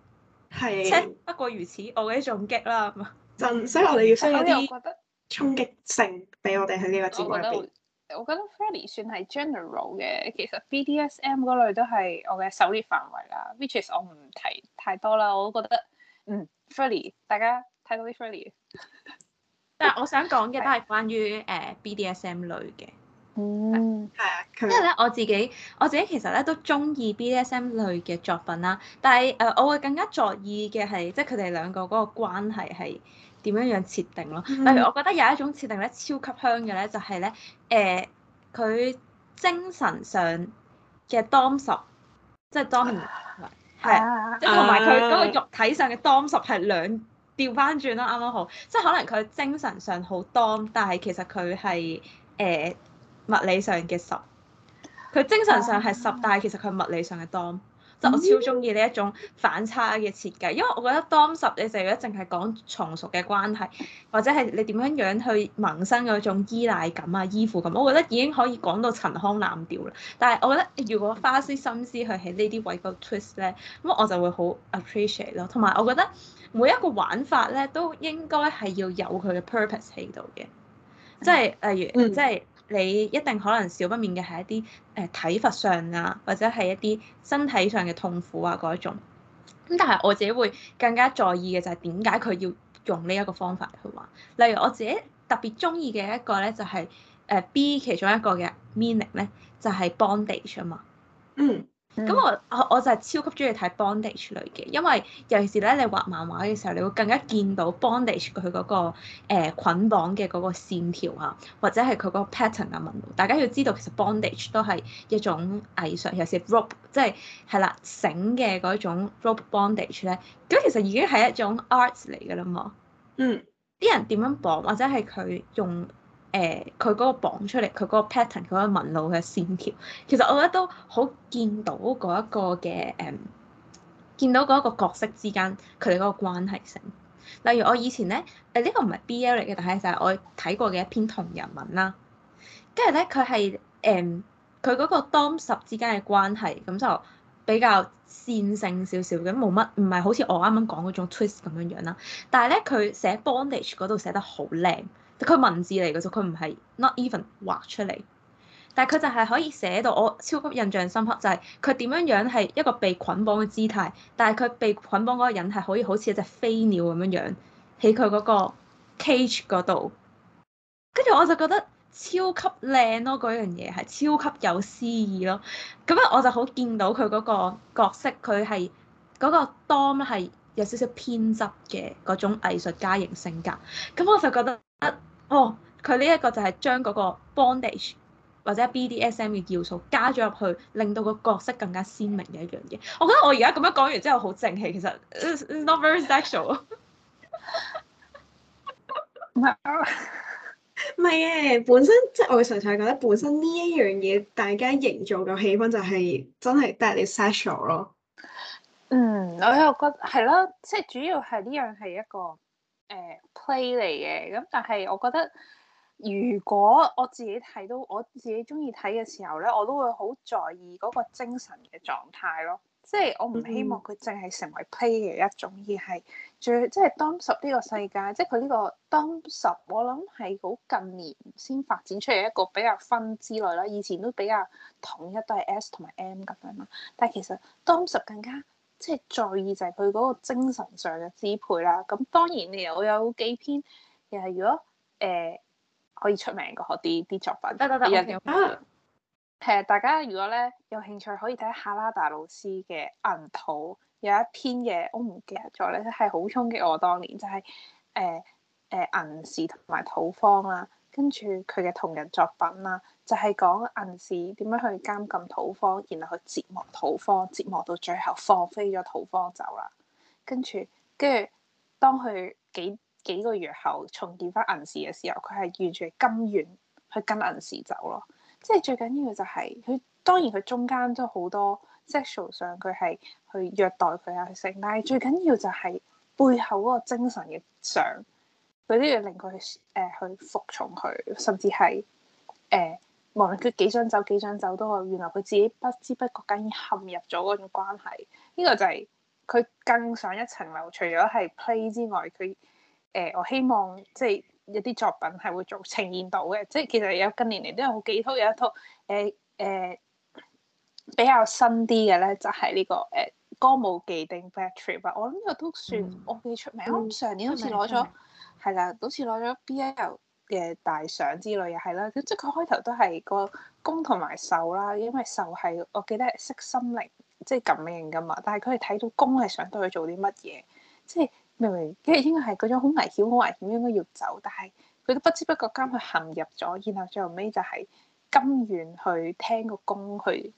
係。是 不過如此，我嘅一衝擊啦。就 所以我哋要需要啲衝擊性俾我哋喺呢個節目入邊。我覺得 furry 算係 general 嘅，其實 BDSM 嗰類都係我嘅狩獵範圍啦，which is 我唔提太多啦，我都覺得嗯 furry 大家睇到啲 furry，但係我想講嘅都係關於誒 BDSM 類嘅，嗯，係啊，furry furry 因為咧我自己我自己其實咧都中意 BDSM 類嘅作品啦，但係誒我會更加在意嘅係即係佢哋兩個嗰個關係係。點樣樣設定咯？嗯、例如我覺得有一種設定咧超級香嘅咧、就是，就係咧，誒佢精神上嘅 dom 十，即係 dom 即同埋佢嗰個肉體上嘅 dom 十係兩調翻轉咯，啱啱好，即係可能佢精神上好 dom，但係其實佢係誒物理上嘅十，佢精神上係十、啊，但係其實佢物理上嘅 dom 就超中意呢一種反差嘅設計，因為我覺得當時你就一淨係講從屬嘅關係，或者係你點樣樣去萌生嗰種依賴感啊、依附感，我覺得已經可以講到陳腔濫調啦。但係我覺得如果花啲心思去喺呢啲位個 twist 咧，咁我就會好 appreciate 咯。同埋我覺得每一個玩法咧都應該係要有佢嘅 purpose 喺度嘅，即係例如即係。嗯你一定可能少不免嘅係一啲誒、呃、體罰上啊，或者係一啲身體上嘅痛苦啊嗰一種。咁但係我自己會更加在意嘅就係點解佢要用呢一個方法去玩。例如我自己特別中意嘅一個咧就係、是、誒、呃、B 其中一個嘅 meaning 咧就係、是、bondage 啊嘛。嗯。咁、嗯、我我就係超級中意睇 bondage 類嘅，因為尤其是咧你畫漫畫嘅時候，你會更加見到 bondage 佢嗰、嗰個誒、呃、捆綁嘅嗰個線條啊，或者係佢個 pattern 啊紋路。大家要知道，其實 bondage 都係一種藝術，尤其是 rope，即係係啦繩嘅嗰種 rope bondage 咧，咁其實已經係一種 arts 嚟噶啦嘛。嗯，啲人點樣綁，或者係佢用。誒佢嗰個綁出嚟，佢嗰個 pattern，嗰個紋路嘅線條，其實我覺得都好見到嗰一個嘅誒、嗯，見到嗰一個角色之間佢哋嗰個關係性。例如我以前咧誒呢、呃呢個唔係 BL 嚟嘅，但係就係我睇過嘅一篇同人文啦。跟住咧佢係誒佢嗰個 dom 十之間嘅關係，咁就比較線性少少，咁冇乜唔係好似我啱啱講嗰種 twist 咁樣樣啦。但係咧佢寫 bondage 嗰度寫得好靚。佢文字嚟嘅啫，佢唔係 not even 畫出嚟，但係佢就係可以寫到我超級印象深刻，就係佢點樣樣係一個被捆綁嘅姿態，但係佢被捆綁嗰個人係可以好似一隻飛鳥咁樣樣喺佢嗰個 cage 嗰度，跟住我就覺得超級靚咯，嗰樣嘢係超級有詩意咯，咁樣我就好見到佢嗰個角色，佢係嗰個 dom 係有少少偏執嘅嗰種藝術家型性格，咁我就覺得。哦，佢呢一個就係將嗰個 bondage 或者 BDSM 嘅要素加咗入去，令到個角色更加鮮明嘅一樣嘢。我覺得我而家咁樣講完之後好正氣，其實 not very sexual。唔係唔係啊，本身即係我純粹係覺得本身呢一樣嘢，大家營造嘅氣氛就係、是、真係 very sexual 咯。嗯，我又覺係咯，即係主要係呢樣係一個。誒 play 嚟嘅，咁但係我覺得，如果我自己睇到我自己中意睇嘅時候咧，我都會好在意嗰個精神嘅狀態咯。即係我唔希望佢淨係成為 play 嘅一種，而係最即係 Dom sub 呢個世界，即係佢呢個 Dom sub，我諗係好近年先發展出嚟一個比較分之類啦。以前都比較統一，都係 S 同埋 M 咁樣啦。但係其實 Dom sub 更加。即係在意就係佢嗰個精神上嘅支配啦。咁當然你又有，有幾篇，又係如果誒、呃、可以出名嘅嗰啲啲作品。得得得，係 些 大家如果咧有興趣可以睇下拉達老師嘅《銀土》，有一篇嘅我唔記得咗咧，係好衝擊我當年，就係誒誒銀時同埋土方啦。跟住佢嘅同人作品啦，就係講銀時點樣去監禁土方，然後去折磨土方，折磨到最後放飛咗土方走啦。跟住，跟住，當佢幾幾個月後重建翻銀時嘅時候，佢係完全係甘願去跟銀時走咯。即係最緊要就係佢，當然佢中間都好多 sexual 上佢係去虐待佢啊，去成，但係最緊要就係背後嗰個精神嘅相。佢都要令佢誒去服從佢，甚至係誒、呃，無論佢幾想走幾想走都好。原來佢自己不知不覺間已陷入咗嗰種關係。呢、這個就係佢更上一層樓。除咗係 play 之外，佢誒、呃、我希望即係有啲作品係會做呈現到嘅。即係其實有近年嚟都有好幾套，有一套誒誒、呃呃、比較新啲嘅咧，就係呢個誒歌舞伎町 Bad Trip。我諗呢個都算、嗯、我幾出名。我、嗯、上年好似攞咗。係啦，好似攞咗 BL 嘅大獎之類又係啦，即係佢開頭都係個公同埋受啦，因為受係我記得係識心靈，即係感應噶嘛。但係佢係睇到公係想對佢做啲乜嘢，即係明明即係應該係嗰種好危險、好危險應該要走，但係佢都不知不覺間去陷入咗，然後最後尾就係甘願去聽個公去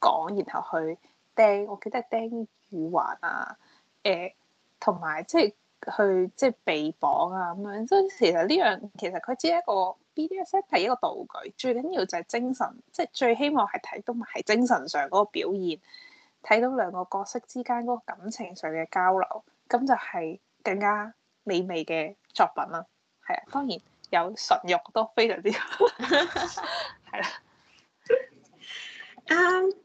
講，然後去釘，我記得係釘玉環啊，誒同埋即係。去即係被綁啊咁樣，即係其實呢樣其實佢只係一個 BDSM 係一個道具，最緊要就係精神，即係最希望係睇到咪係精神上嗰個表現，睇到兩個角色之間嗰個感情上嘅交流，咁就係更加美味嘅作品啦。係啊，當然有純欲都非常之係啦。啱， uh，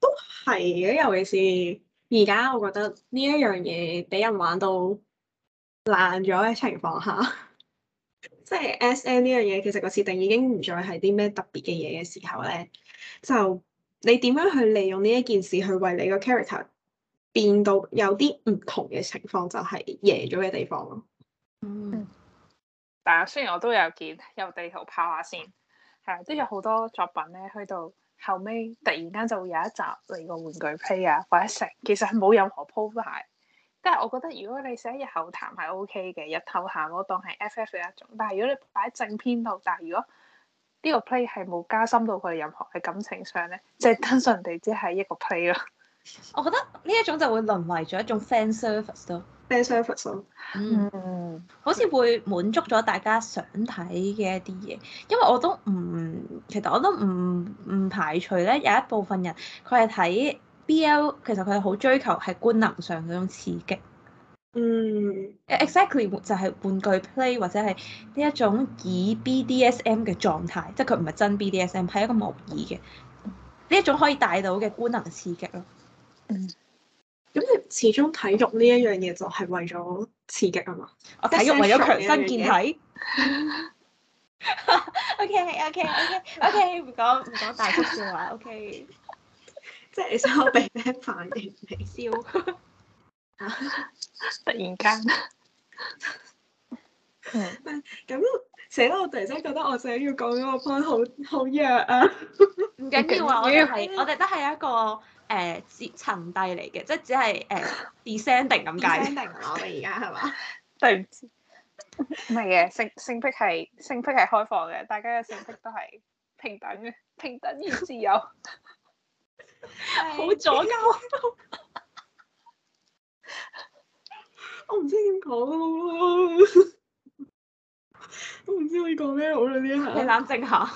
都係嘅，尤其是而家，我覺得呢一樣嘢俾人玩到。爛咗嘅情況下，即係 S.M 呢樣嘢，其實個設定已經唔再係啲咩特別嘅嘢嘅時候咧，就你點樣去利用呢一件事去為你個 character 變到有啲唔同嘅情況，就係贏咗嘅地方咯。嗯，嗯，但係雖然我都有見，有地圖炮下先，係啦，都有好多作品咧，去到後尾突然間就會有一集嚟個玩具 play 啊，或者成，其實係冇任何鋪排。即係我覺得如果你寫日後談係 O K 嘅，日後談我當係 F F 嘅一種。但係如果你擺喺正片度，但係如果呢個 play 係冇加深到佢哋任何嘅感情上咧，即係單純地只係一個 play 咯。我覺得呢一種就會淪為咗一種 fan service 咯，fan service 咯。ans 嗯，好似會滿足咗大家想睇嘅一啲嘢，因為我都唔，其實我都唔唔排除咧有一部分人佢係睇。B L 其實佢係好追求係官能上嗰種刺激，嗯、mm.，exactly 就係玩具 play 或者係呢一種以 B D S M 嘅狀態，即係佢唔係真 B D S M 係一個模擬嘅呢一種可以帶到嘅官能刺激咯。嗯，咁你始終體育呢一樣嘢就係為咗刺激啊嘛，我體育為咗強身健體。 OK OK OK OK 唔講唔講大俗笑話 OK。即係你想我俾咩反應，微笑？突然間間， 咁成日我突然間覺得我想要講嗰 point 好好弱啊！唔緊要啊，我哋係我哋都係一個誒，層遞嚟嘅，即係只係誒，descending 咁解。呃、 我哋而家係嘛？ 對唔住起，唔係嘅，性性癖係性癖係開放嘅，大家嘅性癖都係平等嘅， 平等而自由。 好阻交， 我唔知點講，我唔知可以講咩好啦呢下。你冷靜下，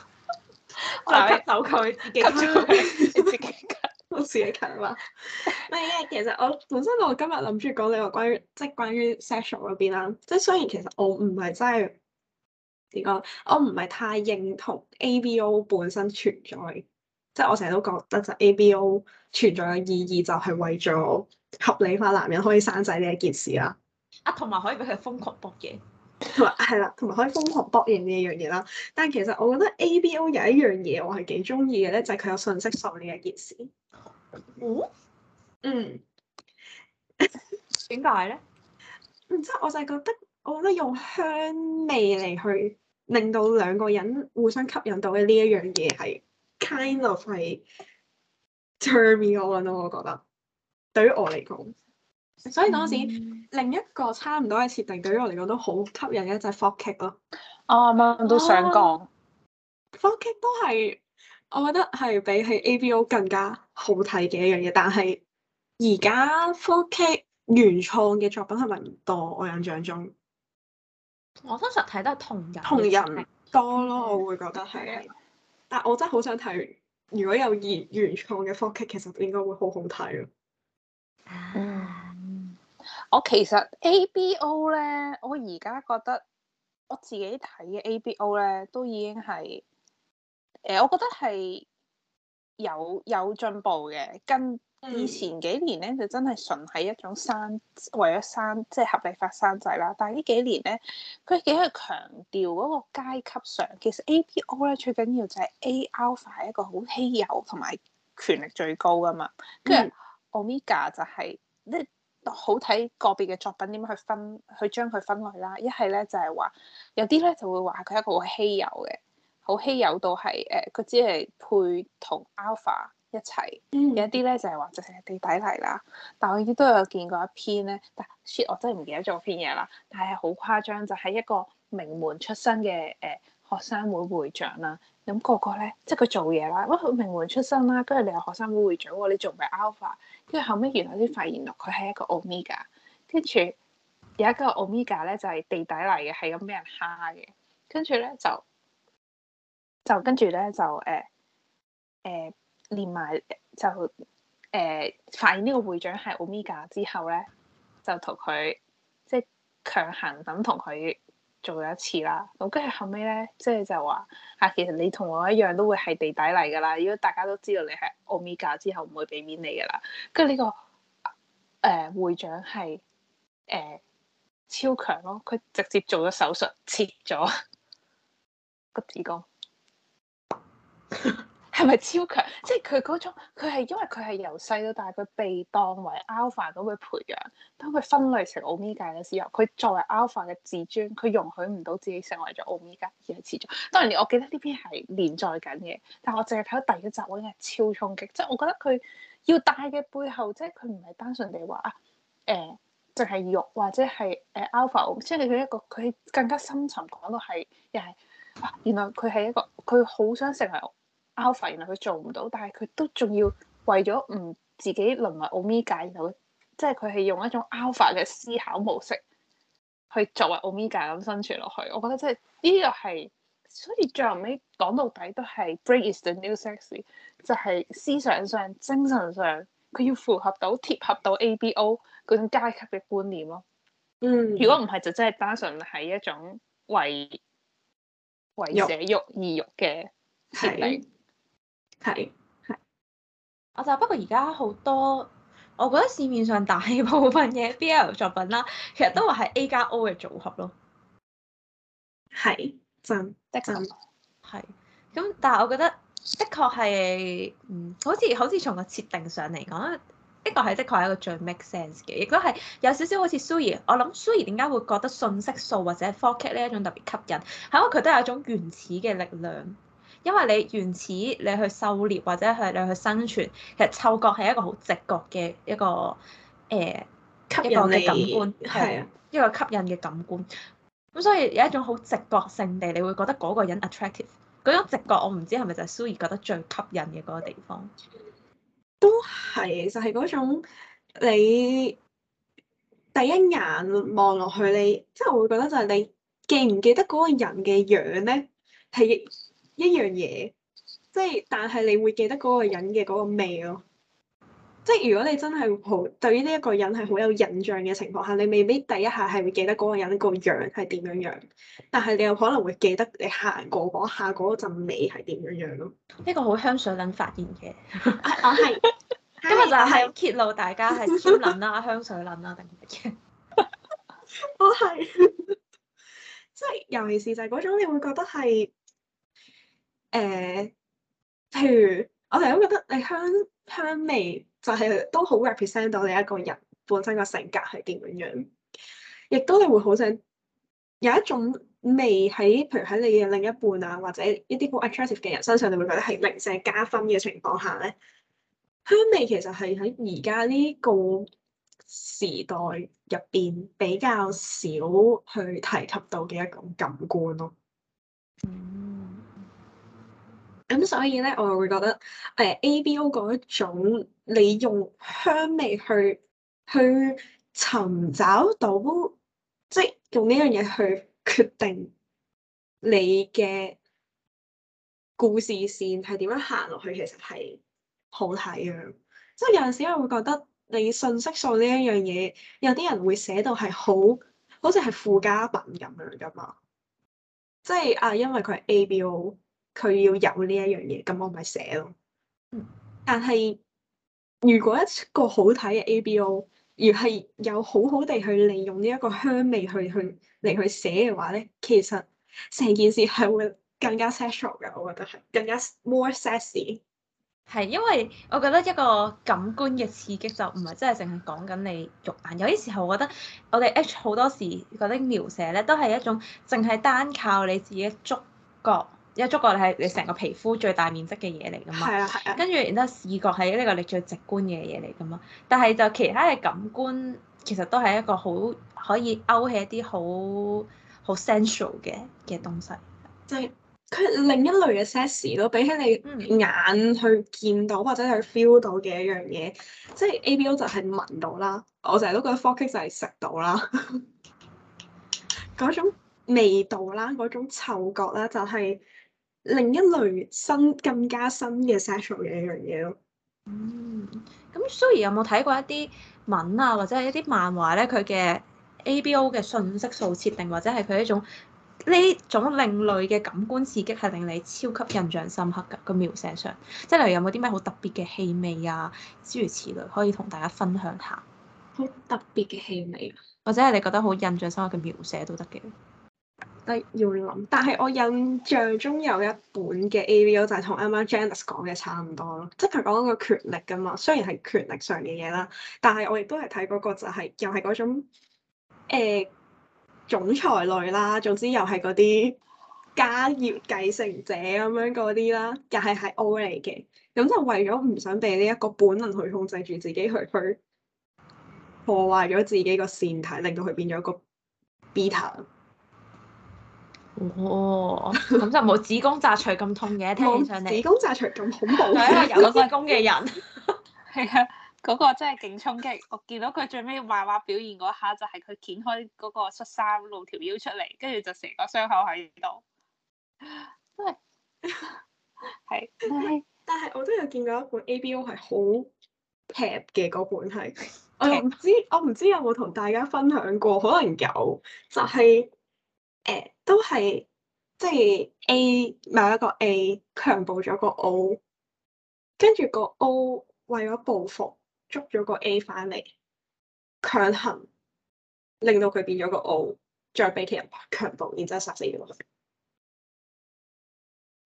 就 俾 手佢自己夾，你 自己夾，我自己夾啦。唔係，因為其實我本身我今日諗住講你個關於即係關於 sexual 嗰邊啦。即係雖然其實我唔係真係點講，我唔係太認同 A B O 本身存在。即係我成日都覺得就 A B O 存在嘅意義就係為咗合理化男人可以生仔呢一件事啦，啊，同埋可以俾佢瘋狂博嘢，同埋係啦，同埋可以瘋狂博贏呢一樣嘢啦。但係其實我覺得 A B O 有一樣嘢我係幾中意嘅咧，就係、是、佢有信息素呢一件事。哦、嗯，嗯，點解咧？然之後我就係覺得，我覺得用香味嚟去令到兩個人互相吸引到嘅呢一樣嘢係。Kind of 係 turn me on 咯，我覺得對於我嚟講，所以嗰陣時另一個差唔多嘅設定對於我嚟講都好吸引嘅就係 Furry 咯。我啱啱都想講 Furry 都係我覺得係比起 ABO 更加好睇嘅一樣嘢，但係而家 Furry 原創嘅作品係咪唔多？我印象中我通常睇得係同人同人多咯，我會覺得係。嗯但我真係好想睇，如果有原原創嘅科劇，其實應該會好好睇咯。嗯，我其實 A B O 咧，我而家覺得我自己睇嘅 A B O 咧，都已經係，誒、呃，我覺得係有有進步嘅，跟。以前幾年咧就真係純係一種生為咗生即係合理化生仔啦，但係呢幾年咧，佢幾去強調嗰個階級上。其實呢 A B O 咧最緊要就係 A Alpha 係一個好稀有同埋權力最高噶嘛，跟住、嗯、Omega 就係、即係、咧好睇個別嘅作品點樣去分去將佢分類啦，一係咧就係、是、話有啲咧就會話佢一個好稀有嘅，好稀有到係誒佢只係配同 Alpha。一齊，有一啲咧就係話就成日地底嚟啦。但我亦都有見過一篇咧，但 shit 我真係唔記得咗篇嘢啦。但係好誇張，就係一個名門出身嘅誒學生會會長啦。咁個個咧，即係佢做嘢啦。佢名門出身啦，跟住你係學生會會長喎，你做咪 alpha？跟住後尾原來啲發現到佢係一個 omega。跟住有一個 omega 咧，就係地底嚟嘅，係咁俾人蝦嘅。跟住咧就就跟住咧就誒誒。呃呃連埋就誒、呃、發現呢個會長係奧米茄之後咧，就同佢即係強行咁同佢做咗一次啦。咁跟住後尾咧，即係就話、是、啊，其實你同我一樣都會係地底嚟噶啦。如果大家都知道你係奧米茄之後，唔會俾面你噶啦。跟住呢個誒、呃、會長係誒、呃、超強咯，佢直接做咗手術切咗個子宮哥。 係咪超強？即係佢嗰種，佢係因為佢係由細到大，佢被當為 alpha 咁去培養。當佢分類成 omega 嘅時候，佢作為 alpha 嘅自尊，佢容許唔到自己成為咗 omega 而係始終。當然，我記得呢篇係連載緊嘅，但係我淨係睇到第一集已經係超衝擊。即係我覺得佢要帶嘅背後，即係佢唔係單純地話誒淨係肉或者係誒 alpha，即係佢一個佢更加深層講到係又係啊，原來佢係一個佢好想成為。Alpha，然後佢做唔到，但係佢都仲要為咗唔自己淪為 Omega。然後即係佢係用一種 alpha 嘅思考模式去作為 Omega 咁生存落去。我覺得即係呢個係，所以最後尾講到底都係 brain is the new sexy，就係思想上、精神上，佢要符合到、貼合到 ABO 嗰種階級嘅觀念咯。嗯，如果唔係就真係單純係一種為為者欲而欲嘅設定。係，係。我就不過而家好多，我覺得市面上大部分嘅 BL 作品啦，其實都話係 A 加 O 嘅組合咯。係，真的真。係，咁但係我覺得的確係，嗯，好似好似從個設定上嚟講咧，呢個係的確係一個最 make sense 嘅，亦都係有少少好似 s u 怡。我諗 u 怡點解會覺得信息素或者 forget 呢一種特別吸引，係因為佢都係一種原始嘅力量。因為你原始你去狩獵或者係你去生存，其實嗅覺係一個好直覺嘅一個誒吸引嘅感官，係，一個吸引嘅感官。咁所以有一種好直覺性地，你會覺得嗰個人 attractive。嗰種直覺我唔知係咪就係 Sue 覺得最吸引嘅嗰個地方。都係，就係，嗰種你第一眼望落去，你即係會覺得就係你記唔記得嗰個人嘅樣咧，係。一樣嘢，即係但係你會記得嗰個人嘅嗰個味咯。即係如果你真係好對於呢一個人係好有印象嘅情況下，你未必第一下係會記得嗰個人個樣係點樣樣，但係你又可能會記得你行過嗰下嗰陣味係點樣樣。呢個好香水撚發現嘅，我係、 啊、是 今日就係要揭露大家係少撚啦、 香水撚啦定乜嘢。我係即係尤其是就係嗰種你會覺得係。誒，uh, 譬如我哋都覺得你香香味就係、是、都好 represent 到你一個人本身個性格係點樣，亦都你會好想有一種味喺，譬如喺你嘅另一半啊，或者一啲好 attractive 嘅人身上，你會覺得係零舍加分嘅情況下咧，香味其實係喺而家呢個時代入邊比較少去提及到嘅一種感官咯。嗯、mm。Hmm. 咁所以咧，我又會覺得誒、呃、A B O 嗰種，你用香味去去尋找到，即係用呢樣嘢去決定你嘅故事線係點樣行落去，其實係好睇嘅。即係有陣時我會覺得，你信息素呢一樣嘢，有啲人會寫到係好好似係附加品咁樣㗎嘛。即係啊，因為佢係 A B O。佢要有呢一樣嘢，咁我咪寫咯。但係如果一個好睇嘅 ABO 而係有好好地去利用呢一個香味去去嚟去寫嘅話咧，其實成件事係會更加 sensual 嘅。我覺得係更加 more sassy，係因為我覺得一個感官嘅刺激就唔係真係淨係講緊你肉眼，有啲時候，我覺得我哋 H 好多時覺得描寫咧，都係一種淨係單靠你自己嘅觸覺。因為觸覺係你成個皮膚最大面積嘅嘢嚟㗎嘛，係啦、係啊、跟住然之後視覺係呢個你最直觀嘅嘢嚟㗎嘛，但係就其他嘅感官其實都係一個好可以勾起一啲好好 sensual 嘅嘅東西。即係佢另一類嘅 sense 咯，比起你眼去見到或者去 feel 到嘅一樣嘢，即係 A B O 就係聞到啦。我成日都覺得 focus 就係食到啦，嗰 種味道啦，嗰種嗅覺啦，就係、是。另一類新、更加新嘅 sexual 嘅一樣嘢咯。嗯，咁蘇怡有冇睇過一啲文啊，或者係一啲漫畫咧？佢嘅 abo 嘅信息素設定，或者係佢一種呢種另類嘅感官刺激，係令你超級印象深刻噶？個描寫上，即係例如有冇啲咩好特別嘅氣味啊？諸如此類，可以同大家分享下。好特別嘅氣味、啊，或者係你覺得好印象深刻嘅描寫都得嘅。要諗，但係我印象中有一本嘅 ABO 就係同啱啱 Janice 講嘅差唔多咯，即係佢講嗰個權力噶嘛。雖然係權力上嘅嘢啦，但係我亦都係睇嗰個就係、是、又係嗰種誒、欸、總裁類啦。總之又係嗰啲家業繼承者咁樣嗰啲啦，又係係 O 嚟嘅。咁就為咗唔想被呢一個本能去控制住自己去，去，破壞咗自己個腺體，令到佢變咗一個 beta。哦，咁就冇子宮摘除咁痛嘅，聽上嚟冇子宮摘除咁恐怖，就係一個有子宮嘅人。係啊， 嗰、那個真係勁衝擊！我見到佢最尾漫畫，畫表現嗰下，就係佢掀開嗰個恤衫，露條腰出嚟，跟住就成個傷口喺度。真係係，但係我都有見到一本 A B O 係好平嘅嗰本係。我唔知，的我唔知有冇同大家分享過，可能有，就係、是。誒，都係即係 A 某一個 A 強暴咗個 O，跟住個 O 為咗報復捉咗個 A 翻嚟，強行令到佢變咗個 O，再俾其他人強暴，然之後殺死咗佢。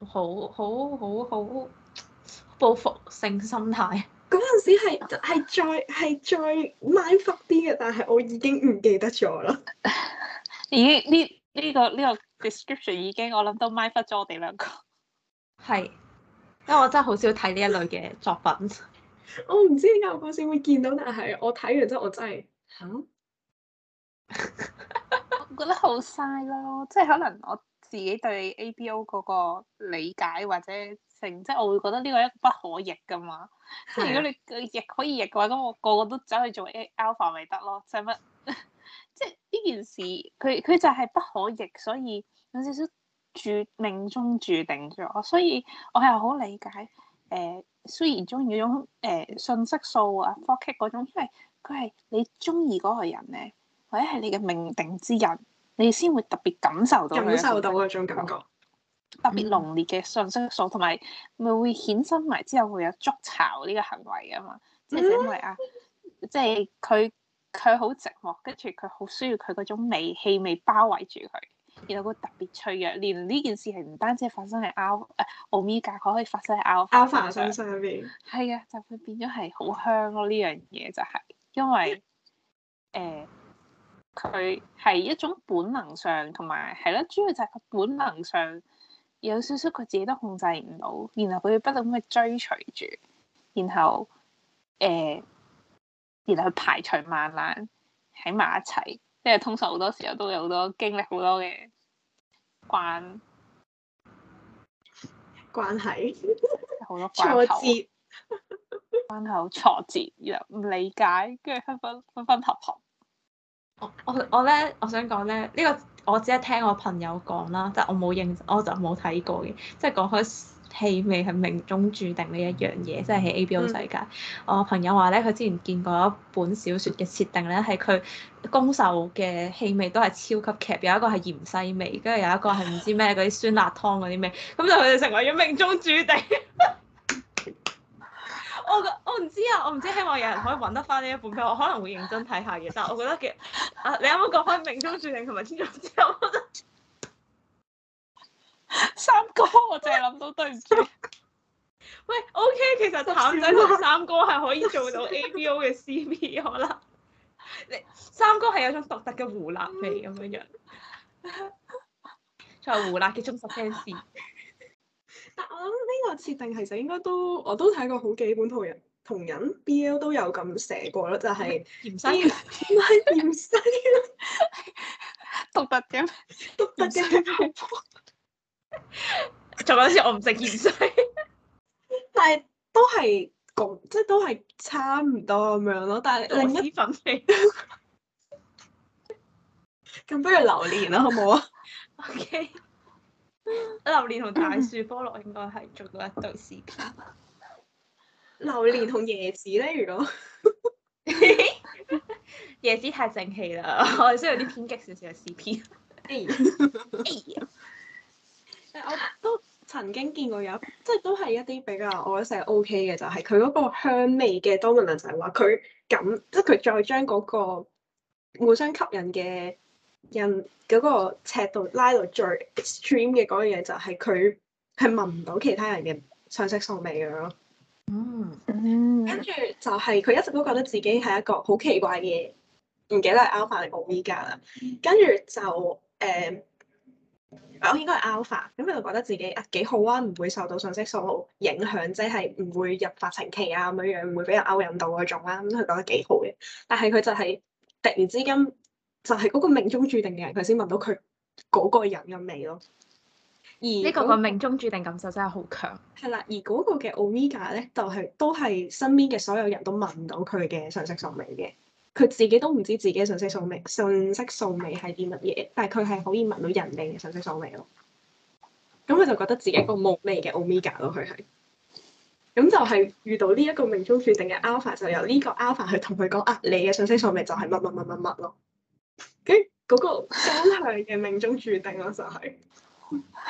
好好好好，報復性心態。嗰陣時係係再係再 mind fuck 啲嘅，但係我已經唔記得咗啦。而呢？呢個呢個 description 已經我諗都 mind 忽咗我哋兩個，係， 因為我真係好少睇呢一類嘅作品， 我唔知啱啱先會見到，但係我睇完之後我真係嚇， 我覺得好嘥咯，即係可能我自己對 ABO 嗰個理解或者成，即係我會覺得呢個一個不可逆㗎嘛，即係的 如果你逆可以逆嘅話，咁我個個都走去做 Alpha 咪得咯，使、就、乜、是？即係呢件事，佢，佢就係不可逆，所以有少少註命中注定咗。所以我又好理解誒、呃，雖然中意嗰種信息素啊、focal 嗰種，因為佢係你中意嗰個人咧，或者係你嘅命定之人，你先會特別感受到感，感受到嗰種感覺，特別濃烈嘅信息素，同埋咪會衍生埋之後會有築巢呢個行為啊嘛，即係因為啊，mm hmm. 即係佢。佢好寂寞，跟住佢好需要佢嗰種味氣味包圍住佢，然後佢特別脆弱。連呢件事係唔單止發生喺歐、啊，誒奧米茄佢可以發生喺歐。歐凡上上面。係、嗯、啊，就佢變咗係好香咯，呢樣嘢就係因為誒，佢、呃、係一種本能上同埋係咯，主要就係佢本能上有少少佢自己都控制唔到，然後佢要不斷咁去追隨住，然後誒。呃然後排除萬難喺埋一齊，即係通常好多時候都有好多經歷好多嘅關關係，好是多關口，字關口挫折，然後唔理解，跟住分分分分合合。我我我咧，我想講咧，呢、呢個我只係聽我朋友講啦，即係我冇認識，我就冇睇過嘅，即係講開。氣味係命中注定呢一樣嘢，即係喺 A B O 世界。嗯、我朋友話咧，佢之前見過一本小説嘅設定咧，係佢攻受嘅氣味都係超級劇，有一個係芫茜味，跟住有一個係唔知咩嗰啲酸辣湯嗰啲味，咁就佢哋成為咗命中注定。 我我唔知啊，我唔知，我唔知希望有人可以揾得翻呢一本 b 我可能會認真睇下嘅，但係我覺得嘅，啊你有冇講開命中注定同埋天造地設我覺得？ 三哥，我淨係諗到對，對唔住。喂，O、OK, K，其實淡仔同三哥係可以做到 A B O 嘅 C V 可能。三哥係有一種獨特嘅胡辣味咁樣樣，係 胡辣嘅忠實 fans。但我諗呢個設定其實應該都我都睇過好幾本人同人同人 B L 都有咁寫過啦，就係、是。鹽 生人。咩鹽 生？獨 特嘅，獨特嘅。 仲有次我唔食鹽水，但係都係共，即係都係差唔多咁樣咯。但係另一份味，咁 不如榴蓮啦，好唔好啊？OK，榴蓮同大樹菠蘿應該係做到一對 CP。榴蓮同椰子咧，如果 椰子太正氣啦， 我哋需要啲偏激少少嘅 CP。 哎我都曾經見過有，即係都係一啲比較我成 O K 嘅，就係佢嗰個香味嘅 Dominant 就係話佢咁，即係佢再將嗰個互相吸引嘅人嗰、嗰個尺度拉到最 extreme 嘅嗰樣嘢、就是，就係佢係聞唔到其他人嘅信息素味嘅咯。嗯、mm. 就是，跟住就係佢一直都覺得自己係一個好奇怪嘅，唔記得係 Alpha 定 Omega 啦。跟住就誒。Uh, 我應該係 Alpha，咁佢就覺得自己啊幾好啊，唔會受到信息素影響，即係唔會入發情期啊咁樣樣，唔會俾人勾引到嗰種啦。咁佢覺得幾好嘅、啊，但係佢就係突然之間，就係、係、嗰個命中注定嘅人，佢先聞到佢嗰個人嘅味咯。而呢、嗰個嘅命中注定感受真係好強。係啦，而嗰個嘅 Omega 咧，就係、係、都係身邊嘅所有人都聞唔到佢嘅信息素味嘅。佢自己都唔知自己嘅信息素味信息素味係啲乜嘢？但係佢係可以聞到人哋嘅信息素味咯。咁、嗯、佢就覺得自己一個無味嘅 Omega 咯，佢、嗯、係。咁就係、是、遇到呢一個命中注定嘅 alpha，就由呢個 alpha 去同佢講啊，你嘅信息素味就係乜乜乜乜乜咯。跟嗰個真相嘅命中注定咯，就係、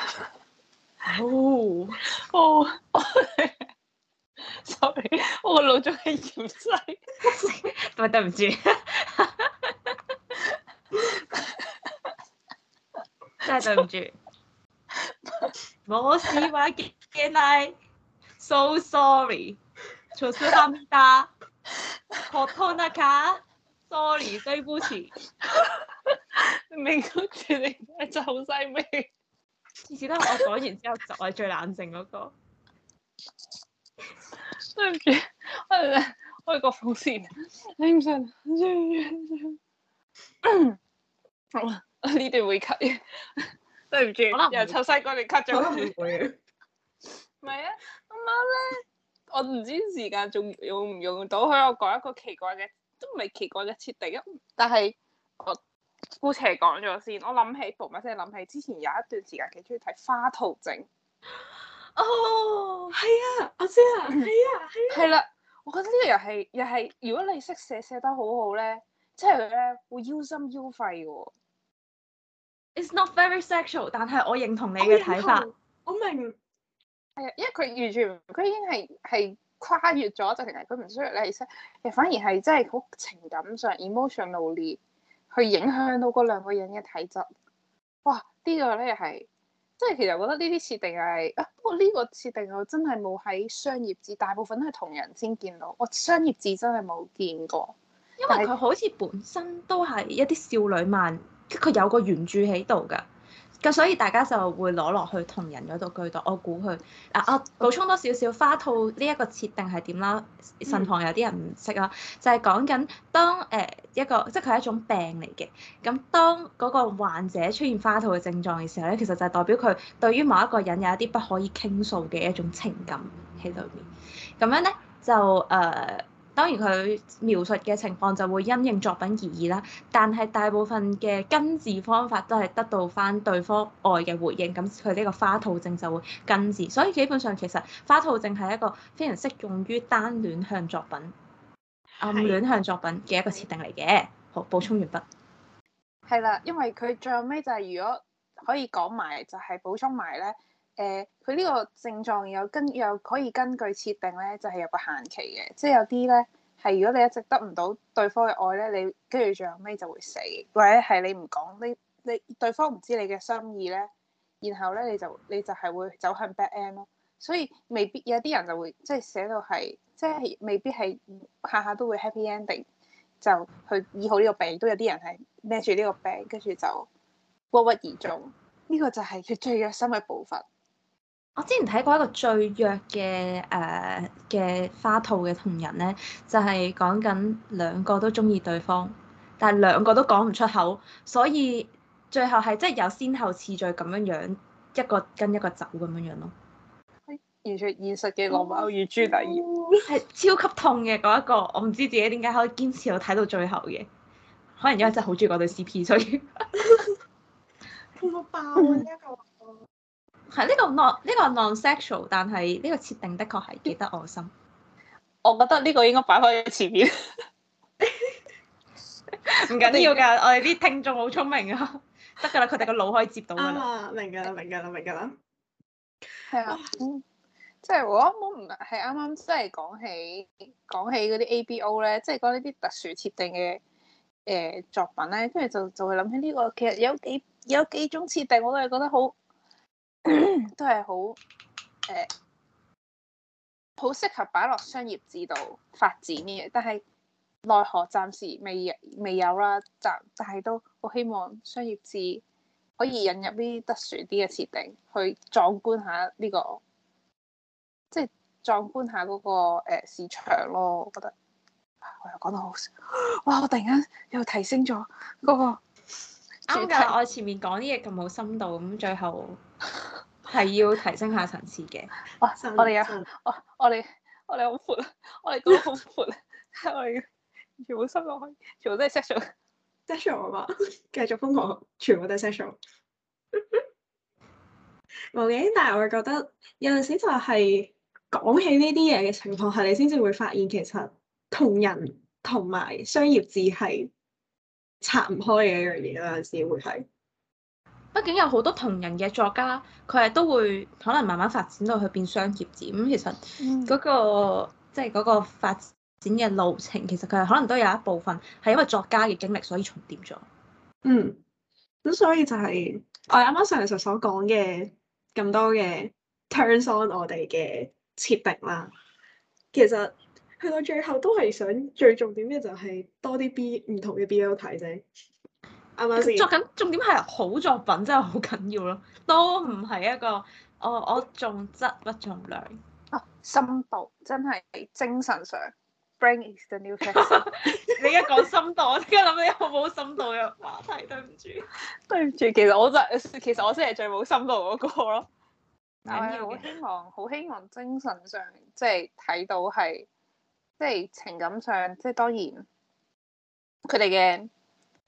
是。哦。 oh, oh, Sorry，我老咗嘅鹽西，真係對唔住，真係對唔住，冇事話見見低，so sorry，曹操打呂布，學拖拉卡，sorry，對不起，你明唔明？你真係好犀利，至少我講完之後就係最冷靜嗰、那個。 對唔住，我我開個風先，唔信，嗯，好啊，呢段會 cut。u 對唔住，又臭西哥你 cut 咗，唔會，唔係 啊，我媽咧，我唔知時間仲用唔用到，佢我講一個奇怪嘅，都唔係奇怪嘅設定，但係是我姑且講咗先，我諗起，我即係諗起之前有一段時間幾中意睇花圖證。哦，係、oh, 啊，阿姐，啦，係啊，係啊，係啦、啊啊啊。我覺得呢個遊戲又係，如果你識寫寫得好好咧，即係咧會腰心腰肺嘅喎。It's not very sexual，但係我認同你嘅睇法。我,我明。係啊，因為佢完全佢已經係係跨越咗，就其係佢唔需要你寫，又反而係真係好情感上 emotionally 去影響到嗰兩個人嘅體質。哇！呢、呢個咧又係～即係其實我覺得呢啲設定係啊，不過呢個設定我真係冇喺商業誌，大部分都係同人先見到。我商業誌真係冇見過，因為佢好似本身都係一啲少女漫，佢有個原著喺度㗎。咁所以大家就會攞落去同人嗰度敘述，我估佢啊，我補充多少少花套呢一個設定係點啦，慎防有啲人唔識啦，嗯、就係講緊當誒、呃、一個，即係佢係一種病嚟嘅，咁當嗰個患者出現花套嘅症狀嘅時候咧，其實就係代表佢對於某一個人有一啲不可以傾訴嘅一種情感喺裏面，咁樣咧就誒。呃當然佢描述嘅情況就會因應作品而異啦，但係大部分嘅根治方法都係得到翻對方愛嘅回應，咁佢呢個花吐症就會根治。所以基本上其實花吐症係一個非常適用於單戀向作品、的暗戀向作品嘅一個設定嚟嘅。好，補充完畢。係啦，因為佢最後尾就係如果可以講埋，就係補充埋咧。誒，佢呢、呃、個症狀又跟又可以根據設定咧，就係、是、有個限期嘅，即係有啲咧係如果你一直得唔到對方嘅愛咧，你跟住最後尾就會死，或者係你唔講你你對方唔知你嘅心意咧，然後咧你就你就係會走向 bad end 咯，所以未必有啲人就會即係寫到係即係未必係下下都會 happy ending，就去醫好呢個病，都有啲人係孭住呢個病跟住就鬱鬱而終，呢、這個就係最虐心嘅部分。我之前睇過一個最弱嘅誒嘅花套嘅同人咧，就係、係、講緊兩個都中意對方，但係兩個都講唔出口，所以最後係即係有先後次序咁樣樣，一個跟一個走咁樣樣咯。係完全現實嘅羅密歐與朱麗葉，係、嗯、超級痛嘅嗰一個，我唔知自己點解可以堅持到睇到最後嘅，可能因為真係好中意嗰對 CP，所以痛 到 爆呢一個。嗯係呢個 non 呢個 nonsexual，但係呢個設定的確係幾得我心。我覺得呢個應該擺開前面。唔 緊要㗎， 我哋啲聽眾好聰明啊！得㗎啦，佢哋個腦可以接到㗎、啊。明㗎啦，明㗎啦，明㗎啦。係啊，即係、啊嗯就是、我啱啱唔係啱啱，即係講起講起嗰啲 abo 咧，即係講呢啲特殊設定嘅誒作品咧，跟住就就係諗起呢、呢個，其實有幾有幾種設定我都係覺得好。都係好誒，好、欸、適合擺落商業誌度發展呢嘢，但係奈何暫時未未有啦。但但係都好希望商業誌可以引入啲特殊啲嘅設定，去壯觀下呢、這個，即係壯觀下嗰、那個誒、欸、市場咯。我覺得我又講得好哇，我突然間又提升咗嗰個啱噶，我前面講啲嘢咁冇深度，咁最後。係要提升下層次嘅、啊，我哋有、啊啊，我哋我哋好闊，我哋都好闊、啊，我哋、啊、 全部深入去，全部都係 sexual，sexual 啊嘛，sexual, 繼續瘋狂，全部都 sexual。無 疑，但係我覺得有陣時就係講起呢啲嘢嘅情況下，你先至會發現其實同人同埋商業誌係拆唔開嘅一樣嘢，有陣時會係。畢竟有好多同人嘅作家，佢係都會可能慢慢發展到去變商業字商業誌咁。其實嗰、那個、嗯、即係嗰個發展嘅路程，其實佢係可能都有一部分係因為作家嘅經歷、嗯，所以重疊咗。嗯，咁所以就係我啱啱上述所講嘅咁多嘅 turns on 我哋嘅設定啦。其實去到最後都係想最重點嘅就係多啲 B 唔同嘅 BL 題啫。作緊重點係好作品真係好緊要咯，都唔係一個我、哦、我重質不重量。啊，深度真係精神上 brain is the new flesh 你一講深度，我即刻諗起有冇深度嘅話題，對唔住， 對唔住。其實我真係，其實我先係最冇深度嗰、那個咯。但係好希望，好希望精神上即係睇到係，即、就、係、是、情感上，即、就、係、是、當然佢哋嘅。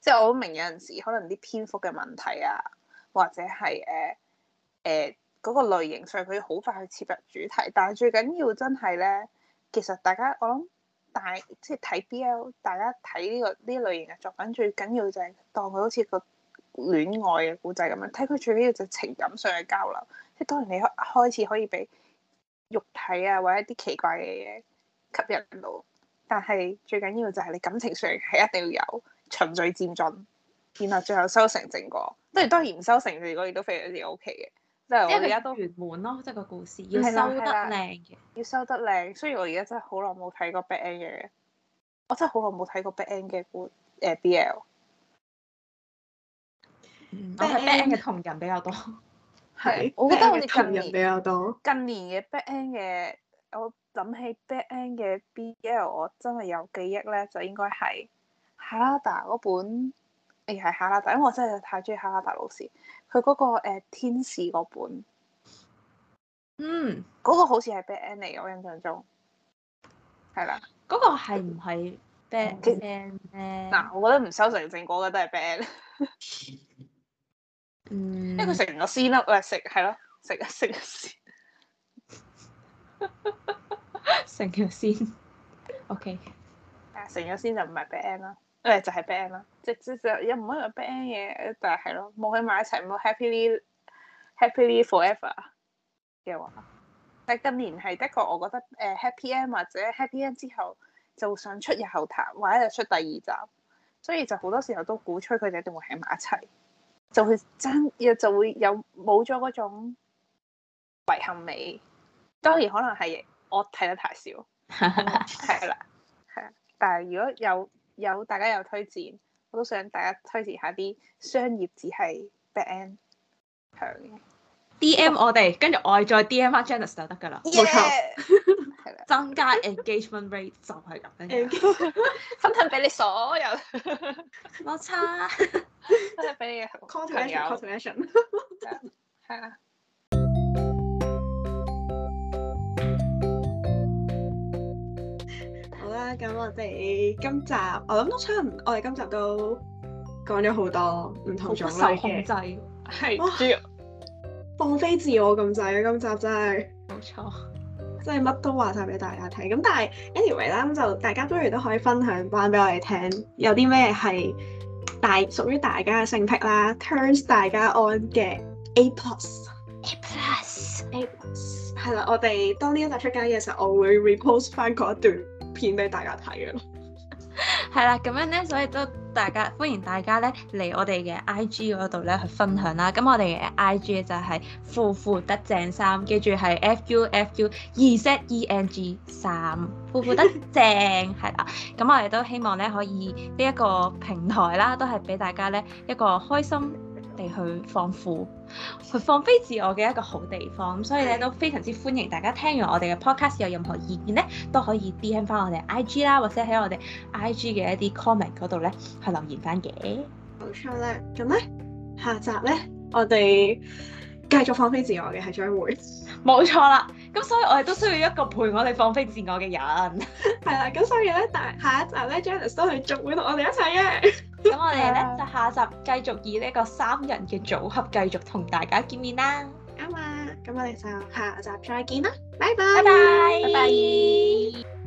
即係我好明有陣時可能啲篇幅嘅問題啊，或者係誒誒嗰個類型上，佢好快去切入主題。但係最緊要真係咧，其實大家我諗大即係睇 BL，大家睇呢個呢一類型嘅作品最緊要就係當佢好似個戀愛嘅故仔咁樣，睇佢最緊要就係情感上嘅交流。即係當然你開始可以俾肉體啊或者一啲奇怪嘅嘢吸引到，但係最緊要就係你感情上係一定要有。循序漸進，然後最後收成正果。即係當然唔收成嘅嗰啲都非常之 OK 嘅。即係我而家都圓滿咯，即係、這個故事要收得靚嘅。要收得靚。所以我而家真係好耐冇睇過 bad end 嘅，我真係好耐冇睇過 bad end 嘅古 BL、嗯。bad end 嘅同人比較多。係我看 的。bad end 嘅同人比較多。近年嘅 bad end 嘅，我諗起 bad end 嘅 BL，我真係有記憶咧，就應該係。哈拉達嗰本，誒、欸、係哈拉達，因為我真係太中意哈拉達老師，佢嗰、嗰個、呃、天使嗰本，嗯，嗰個好似係 bad end 嚟嘅，我印象中，係啦，嗰個係唔係 bad end？嗱，我覺得唔收成正果嘅都係 bad， 嗯，因為佢成咗仙啦，喂，食，係咯，食食食，成咗仙 ，OK，成咗仙就唔係 bad end 啦。誒就係 band 啦，即係即係有唔一樣 band 嘅，但係咯，冇喺埋一齊冇 happily，happily forever 嘅話，喺近年係的確我覺得誒、uh, Happy end，或者 Happy end 之後就想出日後談，或者又出第二集，所以就好多時候都鼓吹佢哋一定會喺埋一齊，就會真又就會有冇咗嗰種遺憾美。當然可能係我睇得太少，係啦、 嗯，係啊，但係如果有。有大家有推薦，我都想大家推薦下啲商業只係 band 響嘅。DM 我哋，跟住我再 DM 啲 Janice 就得㗎啦。冇錯，係啦，增加 engagement rate 就係咁樣。分享俾你所有，我差，分享俾你嘅好。Conversion，係啊。咁我哋今集，我諗都差唔多，我哋今集都講咗好多唔同種類嘅，係哇，放飛自我咁滯啊！今集真係冇錯，錯真係乜都話晒俾大家睇。咁但係 anyway 啦，咁就大家不如都可以分享翻俾我哋聽，有啲咩係大屬於大家嘅性癖啦，turns 大家 on 嘅 A plus，A plus，A plus 係啦，我哋當呢一集出街嘅時候，我會 repost 翻嗰一段。片俾大家睇嘅，係啦， 咁樣咧，所以都大家歡迎大家咧嚟我哋嘅 I G 嗰度咧去分享啦。咁我哋嘅 I G 就係腐腐得正三，記住係 F U F U Z E N G 三，腐腐得正係啦。咁 我哋都希望咧可以呢一個平台啦，都係俾大家咧一個開心。哋去放苦，去放飛自我嘅一個好地方，所以咧都非常之歡迎大家聽完我哋嘅 podcast 有任何意見咧，都可以 DM 翻我哋 IG 啦，或者喺我哋 IG 嘅一啲 comment 嗰度咧，去留言翻嘅。冇錯啦，咁咧下集咧，我哋繼續放飛自我嘅，係將會冇錯啦。咁所以我哋都需要一個陪我哋放飛自我嘅人，係啦。咁所以咧，但下一集咧 Janice 都係 join 我哋一齊嘅。咁 我哋咧就下集繼續以呢一個三人嘅組合繼續同大家見面啦，啱啊、嗯！咁我哋就下集再見啦，拜拜，拜拜，拜拜。